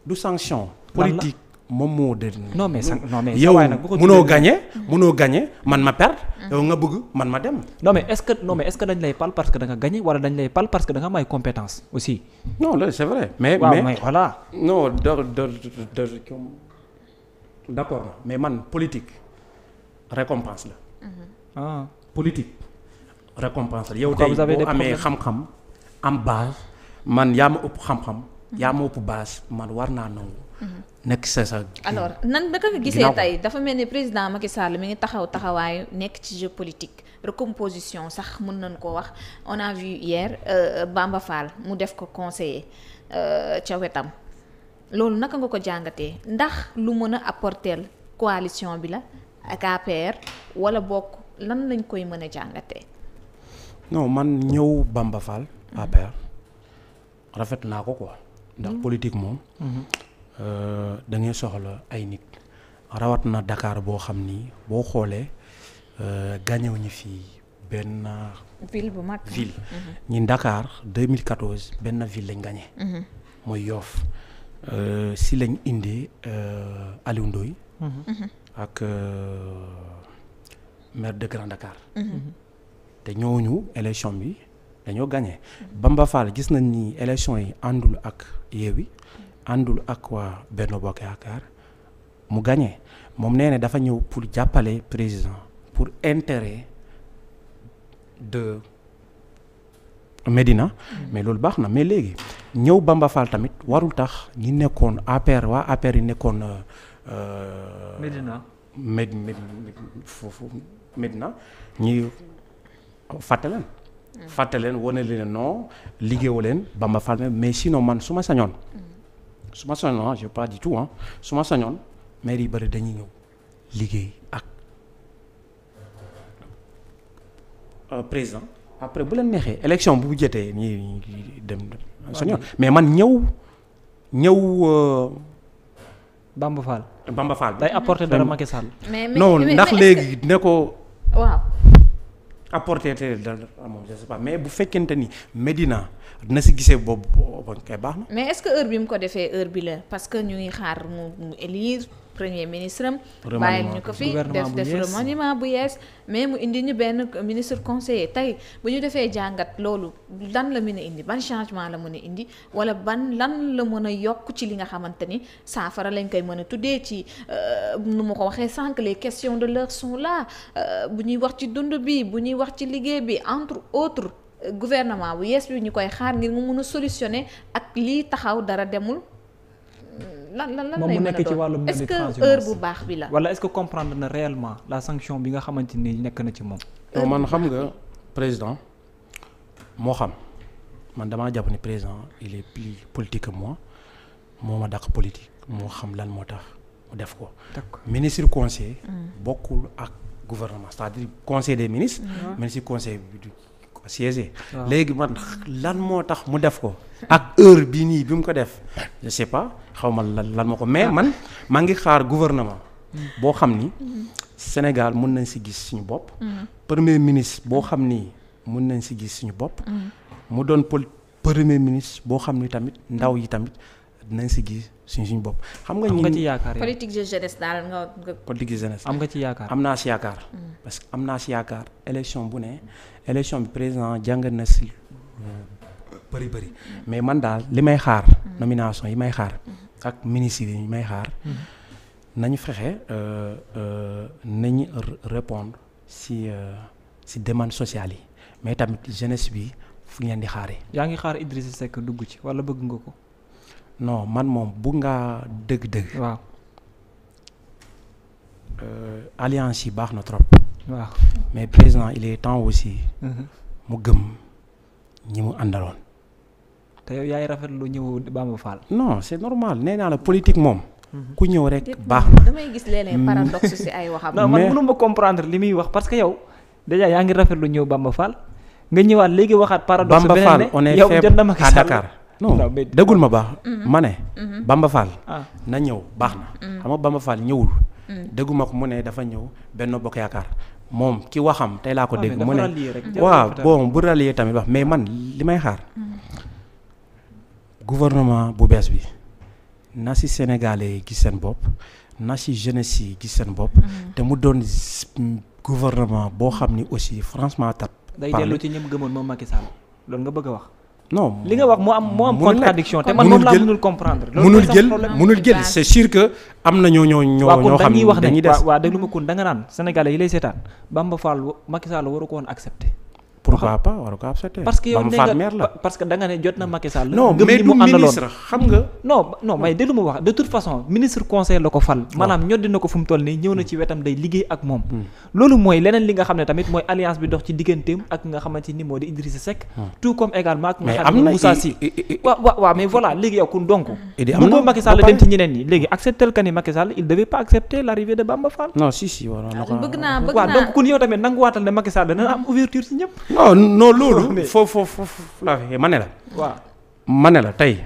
du sanction politique. moom moo de. non mais sa non mais. yow mënoo gagné mm. mënoo gagné man ma perdre. Mm. yow nga bëgg man ma dem. non mais est-ce que non mais est-ce que dañ lay pal parce que da nga gagné wala dañ lay pal parce que da nga am ay compétence aussi. non loolu c'est vrai. mais mais mais voilà. non de de de d'accord mais man politique récompense la. Mm-hmm. ah politique. récompense la yow tey boo amee xam-xam am base man yaa ma ëpp xam-xam yaa ma ëpp base man war naa nangu mhm. nekk sa sa alors nan naka gisee tey dafa mel ni président Macky Sall mi ngi taxaw taxawaayu nekk ci jeu politique recomposition sax mën nañ ko wax on a vu hier euh, Bamba Fall mu def ko conseiller euh, ca wetam loolu naka nga ko jàngatee ndax lu mën a apporter coalition bi la ak APR wala bokk lan lañ koy mën a jàngatee non man ñëw Bamba Fall APR rafet naa ko quoi ndax mhm. politique moom mhm. euh, da soxla ay nit rawat na dakaar boo xam ni boo xoolee euh, gàñëwuñu fii benn ville bu mag ville mhm. ñi Dakar 2014 benn ville lañ gagné mooy Yoff euh, si lañ indi Aliou Ndoye ak maire de Grand Dakar te ñooñu élection bi dañoo gagné Bamba gis nañ ni élection yi àndul ak Yewwi àndul ak waa benn Bokk Yaakaar mu gagné moom nee na dafa ñëw pour jàppale président pour intéret de Médina mm-hmm. mais loolu baax na mais léegi ñëw Bamba Fall tamit warul tax ñi nekkoon APR waa APR yi nekkoon. Euh, euh, Médina Med Med Médina ñi. fàtte leen. fàtte leen wane leen non liggéeyoo leen Bamba Fall même mais sinon man suma sañoon. suma ma sañoon ah, je ah, sañoon maire yi bëri dañuy ñëw liggéey ak euh, président. après bu leen neexee élection bu jetee ñi dem. sañoon mais man ñëw ñëw. Euh, Bamba Fall. Bamba Fall dara Macky Sall. mais ndax léegi ne ko apporter tey dara moom je sais mais bu fekkente ni Medina na si gisee boobu kay baax na. mais est-ce heure bi mu ko defee heure bi la parce que ñu ngi xaar mu mu premier ministre am bàyyil ñu ko fi def def remaniement bu yees mais mu indi ñu benn ministre conseiller tey bu ñu defee jàngat loolu lan la mën a indi ban changement la mën indi wala ban lan la mën a yokk ci li nga xamante ni saafara lañ koy mën a tuddee ci euh, nu mu ko waxee sànq question questions de l'heure sont là euh, bu ñuy wax ci dund bi bu ñuy wax ci liggéey bi entre autres gouvernement bu yees bi ñu koy xaar ngir mu mun a solutionner ak lii taxaw dara demul lan lan lan lay mën a doon est-ce que heure bu baax bi la. wala est-ce que comprendre na réellement la sanction bi nga xamante ni nekk na ci moom. non man xam nga président moo xam man damaa jàpp ni président il est plus politique que moi moo ma dàq politique moo xam lan moo tax mu def ko. ministre conseil. Mm. bokkul ak gouvernement c'est-à-dire conseil des ministres. Mm. ministre conseil siégé ah. léegi man lan moo tax mu def ko ak heure bi nii bi mu ko def je sais pas xaw ma lan lan moo ko mais man maa ngi xaar gouvernement boo xam ni Sénégal mun nañ si gis suñu bopp mm. premier ministre boo xam ni mun nañ si gis suñu bopp mm. mu doon pol premier ministre boo xam ni tamit ndaw yi tamit dinañ si gis suñ suñ bopp. xam nga ñu ci yaakaar politique de jeunesse daal nga. politique de jeunesse am ci yaakaar. am naa si yaakaar. Mm. parce que am naa si yaakaar élection bu ne élection bi président jàng na si euh, bëri bëri mm. mais man daal li may xaar. Mm. nomination yi may xaar. ak ministres yi may xaar. nañu fexe euh, euh, nañu répondre si si demande sociale yi mais tamit jeunesse bi fu ñu leen di xaaree. yaa ngi xaar Idrissa Seck dugg ci wala bëgg nga ko. non man moom bugg ngaa dëgg-dëgg. waaw euh, alliance yi baax na trop. waa mais président il est temps aussi. Mhm. mu gëm ñi mu àndaloon. te yow yaay rafetlu ñëw Bamba Fall. non c'est normal nee naa la politique moom. Mhm. ku ñëw rek baax na. gis léeg-léeg paradoxe ay waxam. non man mënu ma comprendre li muy wax parce que yow déjà yaa ngi rafetlu ñëw Bamba Fall nga ñëwaat léegi waxaat paradoxe. beneen ne yow jot na Macky Sall Bamba Fall on est faible à Dakar. non déggul ma baax. Mm-hmm. ma ne. Mm-hmm. Bamba Fall. Ah. na ñëw baax na. Mm. xam nga Bamba ñëwul. Mm. dégguma ko mu ne dafa ñëw benn bokk yaakaar moom ki waxam tey laa ko ah, dégg. mu ne waaw bon bu rallier tamit wax mais man li may xaar. Mm. gouvernement bu bees bi na si Sénégalais yi gis seen bopp na si jeunesse gis seen bopp. te mu doon gouvernement boo xam ni aussi franchement. tat day dellu ci ñi mu bëgg wax. non li nga wax moo am moo am contradiction te man moom laa mënul comprendre mënul jël mënul jël c'est sûr que am na ñoo ñoo ñoo ñoo xam ne dañuy des waaw déglu ma kon da nga naan sénégalais yi lay seetaan Bamba Fall Macky Sall waru ko woon accepter pourquoi pas war ko accepter parce que yow nee nga parce que da ne jot na Macky Sall. non mais du ministre xam nga. non non mais ma wax de toute façon ministre conseil la ko fal. maanaam ñoddi na ko fu toll nii ñëw na ci wetam day liggéey ak moom. Hmm. loolu mooy leneen li nga xam ne tamit mooy alliance bi dox ci digganteem ak nga xamante ni moo di Idrissa Seck. Hmm. tout comme également ak. mais am na Moussa Sy waaw waaw waaw mais voilà léegi yow kon donc. ci ni Macky de Bamba Fall. waaw oh, non loolu. foofu foofu laa fexe ma ne la. waaw ma ne la tey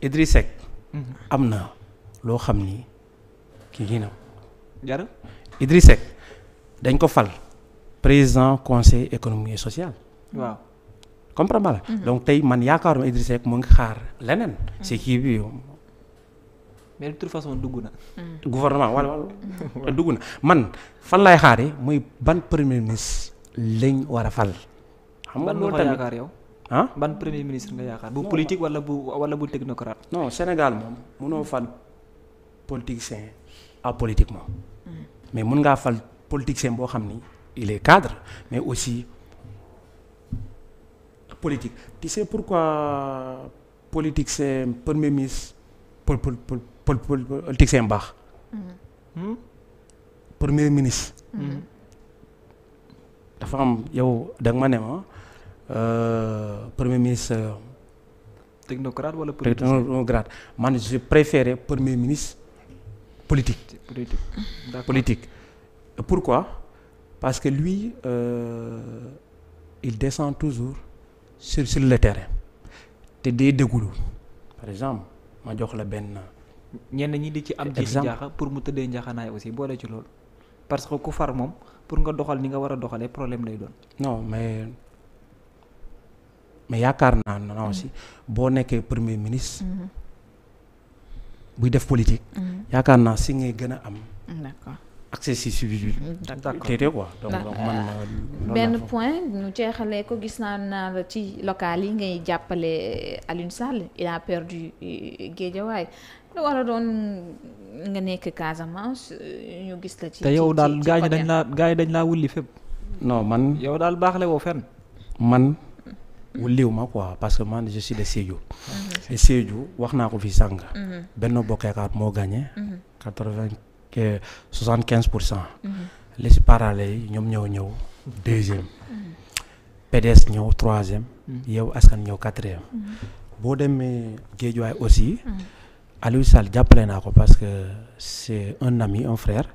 Idriss mhm. am na loo xam ni kii kii na jar Idriss dañ ko fal président conseil économie et social. waaw comprendre mhm. donc tey man yaakaaruma Idriss Seck ngi xaar leneen. Mhm. si kii bi. mais de toute façon dugg na. gouvernement wala wala dugg na man fan laay xaaree muy ban premier ministre lañ war a fal. xam nga loolu tamit yaakaar yow. ah ban premier ministre nga yaakaar. bu politique wala bu technocrate. non Sénégal moom mënoo fal politicien apolitique moom. mais mën ngaa fal politicien boo xam ni il est cadre mais aussi politique. tu sais pourquoi politicien premier ministre pol pol pol politicien baax. Hmm. Hmm? premier ministre. Hmm. dafa am yow da ma ne ma Euh, premier ministre. technocrate wala technocrate man je préférais premier ministre politique. politique politique. pourquoi parce que lui euh, il descend toujours sur sur le terrain te day déglu par exemple ma jox la benn. ñenn ñi di ci am. exemple jiitu jaaxa pour mu tëddee njaaxanaay aussi boole ci loolu. parce que ku far moom pour nga doxal ni nga war a doxalee problème day doon. non mais. mais yaakaar naa na aussi mm-hmm. boo nekkee premier ministre. Mm-hmm. buy def politique. Mm-hmm. yaakaar naa si ngay gën am. d'accord benn point ñu jeexalee ko gis naa naa la ci local yi ngay jàppale Alioune Sall il a perdu euh, Guédiawaye lu war a doon nga nekk Casamance euh, ñu gis la. ci te yow daal gars yi dañ laa gars dañ laa wulli fépp. non man yow daal baax la fenn man. wulliw ma quoi parce que man je suis de Sédhiou. Mhm. wax naa ko fi sànq. Mhm. Benno Bokk moo gagné. Mhm. quatre vingt soixante quinze pour cent. les parallèles yi ñoom ñëw ñëw deuxième. PDS ñëw troisième. yow askan ñëw quatrième. boo demee Guédiawaye aussi. Aliou Sall jàppale naa ko parce que c'est un ami un frère.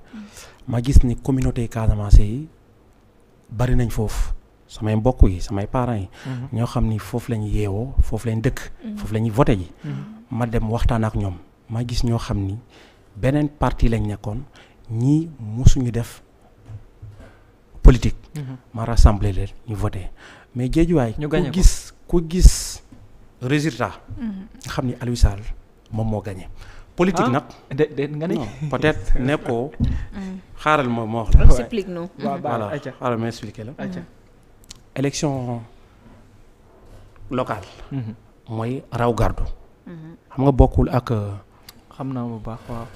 ma gis ni communauté Casamance yi bari nañ foofu. samay mbokk yi samay parents yi. Mhm. ñoo xam ni foofu lañ yeewoo foofu lañ dëkk. Mhm. foofu la ñuy voté ji. Mhm. ma dem waxtaan ak ñoom ma gis ñoo xam ni beneen parti lañ nekkoon ñii mosuñu def politique. ma rassemblé leen ñu voté mais Guédiawaye. ñu ku gis ku gis résultat. nga xam ni Aliou moom moo gagné. politique ah, nag de de nga nekkoo. Mm. xaaral ma ma wax la. explique xaaral ma expliqué la. élection locale. Mhm. mooy raw gàddu. Mhm. xam nga bokkul ak. Euh, xam naa bu baax waaw.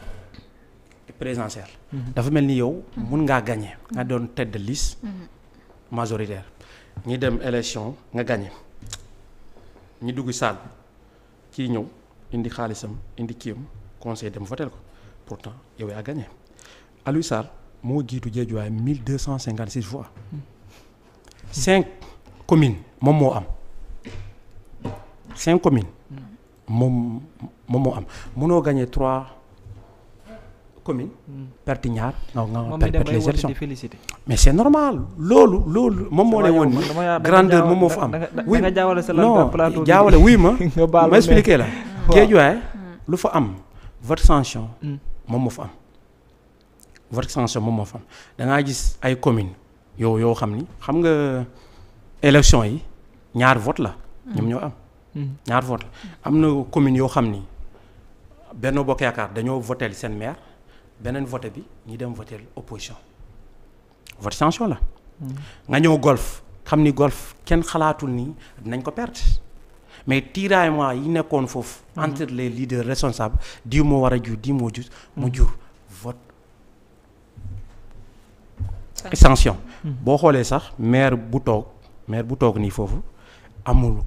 présidentielle. Mhm. dafa mel ni yow mun ngaa gagné nga doon tête de liste. majoritaire ñi dem élection nga gagné ñi dugg saal kii ñëw indi xaalisam indi kiyam conseil dem votel ko pourtant yow yaa gagné Aliou Sall moo jiitu Guédiawaye mille deux cent cinquante six voix. cinq commune moom moo am cinq commune moom moom moo am mënoo gagné trois communes hmm. perte ñaar nga nga perte les élections mais c'est normal loolu loolu moom moo lay woon ni grandeur moom moo fa am oui non jaawale wuy ma ma expliqué la Guédiawaye hmm. lu fa am vote sanction hmm. moom moo fa am vote sanction moom moo fa am da gis ay communes yow yoo xam ni xam nga élection yi ñaar vote la. ñoom ñoo am. Mm-hmm. ñaar vote la am na commune yoo xam ni Benno Bokk Yaakaar dañoo votel seen maire beneen voté bi ñi dem votel opposition vote sanction la. Mm-hmm. nga ñëw golf xam ni golf kenn xalaatul ni dinañ ko perte mais tiraillement yi nekkoon foofu. Mm-hmm. entre les leaders responsables diw moo war a jur diw moo jur mu jur. sanction hmm. boo xoolee sax maire bu toog maire bu toog nii foofu amul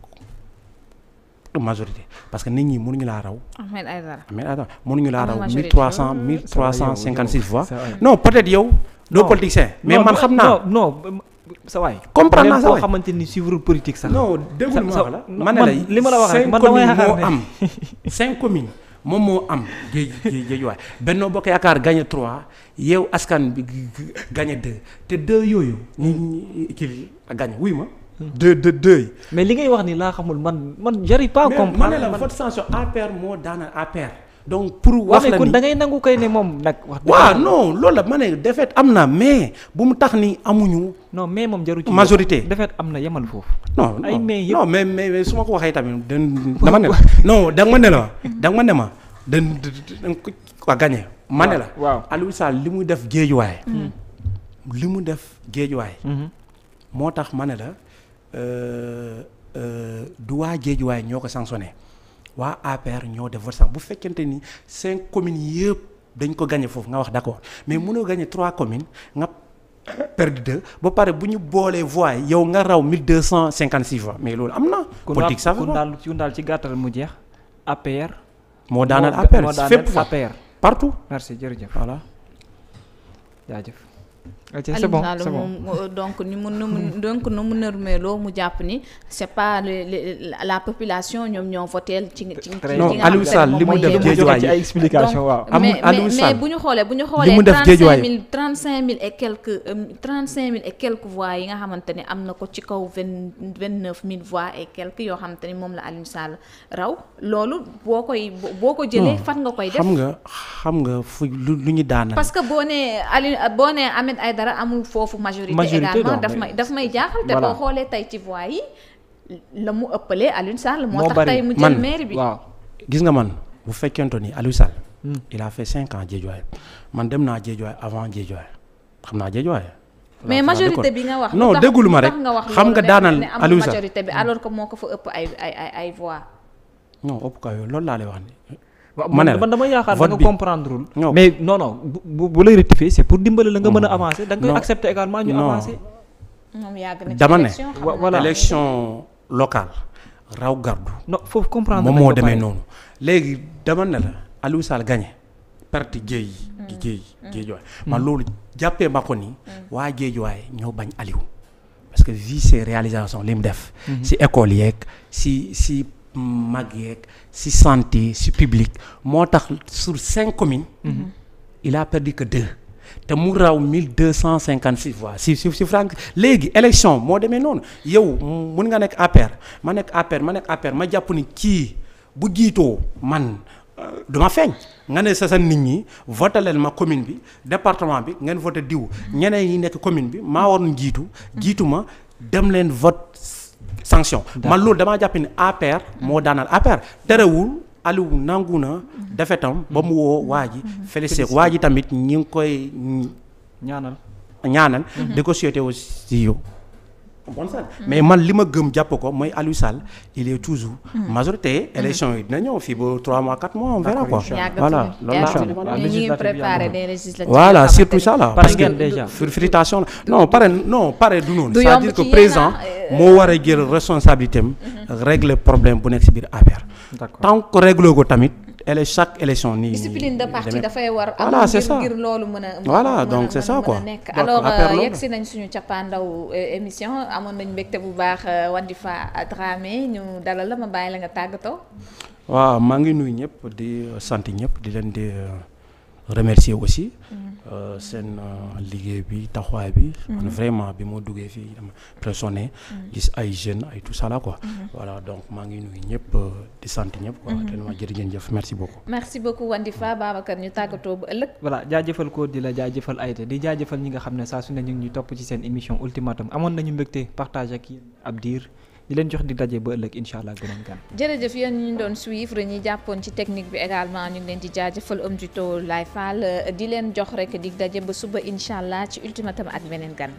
majorité parce que nit ñi mënuñu laa raw. Ahmed Aïdara Ahmed Aïdara laa raw. mille trois cent mille trois cent cinquante six voix. non peut-être yow. doo politicien mais man xam naa non non sa waay. comprendre naa sa waay xamante ni suivre politique sax. non déglu ma la man li ma la wax man damay ne cinq am cinq communes. moom moo am géej géej waay Benno Bokk Yaakaar gagné 3 yeew askan bi gagné 2 te 2 yooyu. ñu kii gagné wuy ma. 2 2 2 mais li ngay wax ni laa xamul man man j'arrive pas comprendre. mais ma ne la vote sanction APR moo daana APR. donc pour wax la ni da ngay nangu koy ne moom nag. wax waaw non loolu la ma ne défaite am na mais bu mu tax ni amuñu. non mais moom jaru ci majorité défaite am na yemal foofu. non ay mais mais mais su ma ko waxee tamit dama ne la non da nga ma ne la da nga ma ne ma da nga ko waa ma ne la waaw Aliou Sall li mu def géejuwaay. Hmm. Hmm. li mu def géejuwaay. Hmm. moo tax ma ne la euh, euh, du waa géejuwaay ñoo ko sanctionné. waa APR ñoo def vote sax bu fekkente ni cinq communes yëpp dañ ko gagné foofu nga wax d'accord mais mënoo gagné trois communes nga perdre deux ba pare bu ñu boolee voix yow nga raw mille deux cent cinquante six voix mais loolu am na. politique sax kon daal kon daal ci gàttal mu jeex APR. moo daanal APR fépp fa partout. merci jërëjëf voilà jaajëf. Okay, c'est euh, donc ni mu nu mu donc nu mu nërmeeloo jàpp ni c'est pas la population ñoom ñoo voteel ci ci non Aliou Sall li mu def géejuwaay ci ay explication waaw amul Aliou Sall ñu xoolee bu ñu xoolee trente-cinq mille trente-cinq mille et quelques euh, trente-cinq mille et quelques am na ko ci kaw vingt vingt-neuf mille voix et quelques yoo xamante ni moom la Aliou Sall raw loolu boo koy boo ko jëlee fan nga koy xam nga xam nga fu lu ñu daanal parce que boo nee Aliou ay dara amul foofu majorité. majorité également daf may daf may jaaxal. te boo xoolee tey ci voix yi la mu ëppalee Aliou Sall. moo tax tey mu jël maire bi gis nga man bu fekkente ni Aliou Sall. Hmm. il a fait cinq ans Guédiawaye man dem naa Guédiawaye avant Guédiawaye xam naa Guédiawaye. mais majorité bi nga wax. non déggul ma rek xam nga daanal Aliou Sall majorité bi alors que moo ko fa ëpp ay ay ay voix. non ëpp kaw yooyu loolu laa lay wax ni ma ne la man dama yaakaar da pour dimbali la nga mën a mm. avancer. da nga koy accepter également ñu avancer. moom yàgg ne raw gardu. non foofu comprendre moo demee noonu. léegi dama ne la Aliou Sall gagné perte géej gi géej mm. géejuwaay mm. man loolu jàppee ma ko ni. waa géejuwaay ñoo bañ Aliou. parce que vu ses réalisations li mu def. Mm-hmm. si école yeeg si si. mag yeeg si santé si publique moo tax sur cinq communes mhm. il a perdu que deux te mu raw mille deux cent cinquante six voix si si si franc léegi élection moo demee noonu yow mun nga nekk APR ma nekk APR ma nekk APR ma jàpp ni ci bu jiitoo man euh, duma feeñ nga ne sa sa nit ñi voté leen ma commune bi département bi ngeen voté diw mhm. ñeneen yi nekk commune bi maa waroon jiitu mhm. jiitu ma dem vote sanction man loolu damaa jàpp ne APR moo daanal APR terewul Aliou nangu na defetam ba mu woo waa ji mhm. félicité waa ji tamit ñi ngi koy ñaanal ñaanal di ko souhaité aussi yow bon mm. mais man li ma gëm jàpp ko mooy Aliou Sall il est toujours mm. majorité mm. élection yi dina ñëw fi ba 3 mois 4 mois on verra quoi voilà surtout ça là parce que fritation la non pare non pare du noonu c'est-à-dire que président ah, euh, moo war a jël responsabilité am mm-hmm. régler problème bu nekk si biir affaire tant que réglé ko tamit ele chaque élection nii. discipline de parti dafay war. voilà c' ngir loolu mën a. voilà donc c' est ça quoi donc alors euh, yegg si nañ suñu cappaandaw euh, émission amoon nañ mbégte bu baax euh, Wadifa Dramé ñu dalal la ma bàyyi la nga tàggatoo. waaw maa ngi nuyu ñëpp di sant ñëpp di leen di. remercier aussi mm. euh, seen euh, liggéey bi taxawaay bi. Mm. man vraiment bi moo duggee fii dama impressionné. Mm. gis ay jeunes ay tout ça là quoi. Mm-hmm. voilà donc maa ngi nuyu ñëpp di sant ñëpp. quoi mm-hmm. vraiment jërëjëf merci beaucoup. merci beaucoup Wandifa Babacar ñu tàggatoo ba ëllëg. voilà jaajëfal ko di la jaajëfal ay di jaajëfal ñi nga xam ne saa su ne ñu ngi topp ci seen émission ultimatum amoon nañu mbégte partage ak yéen ab diir. di leen jox di daje ba ëllëg incha allah beneen jërëjëf yéen ñu doon suivre ñi jàppoon ci technique bi également ñu ngi leen di jaajëfal am jito lay faal di leen jox rekk di daje ba suba incha allah ci ultimatum ak beneen gan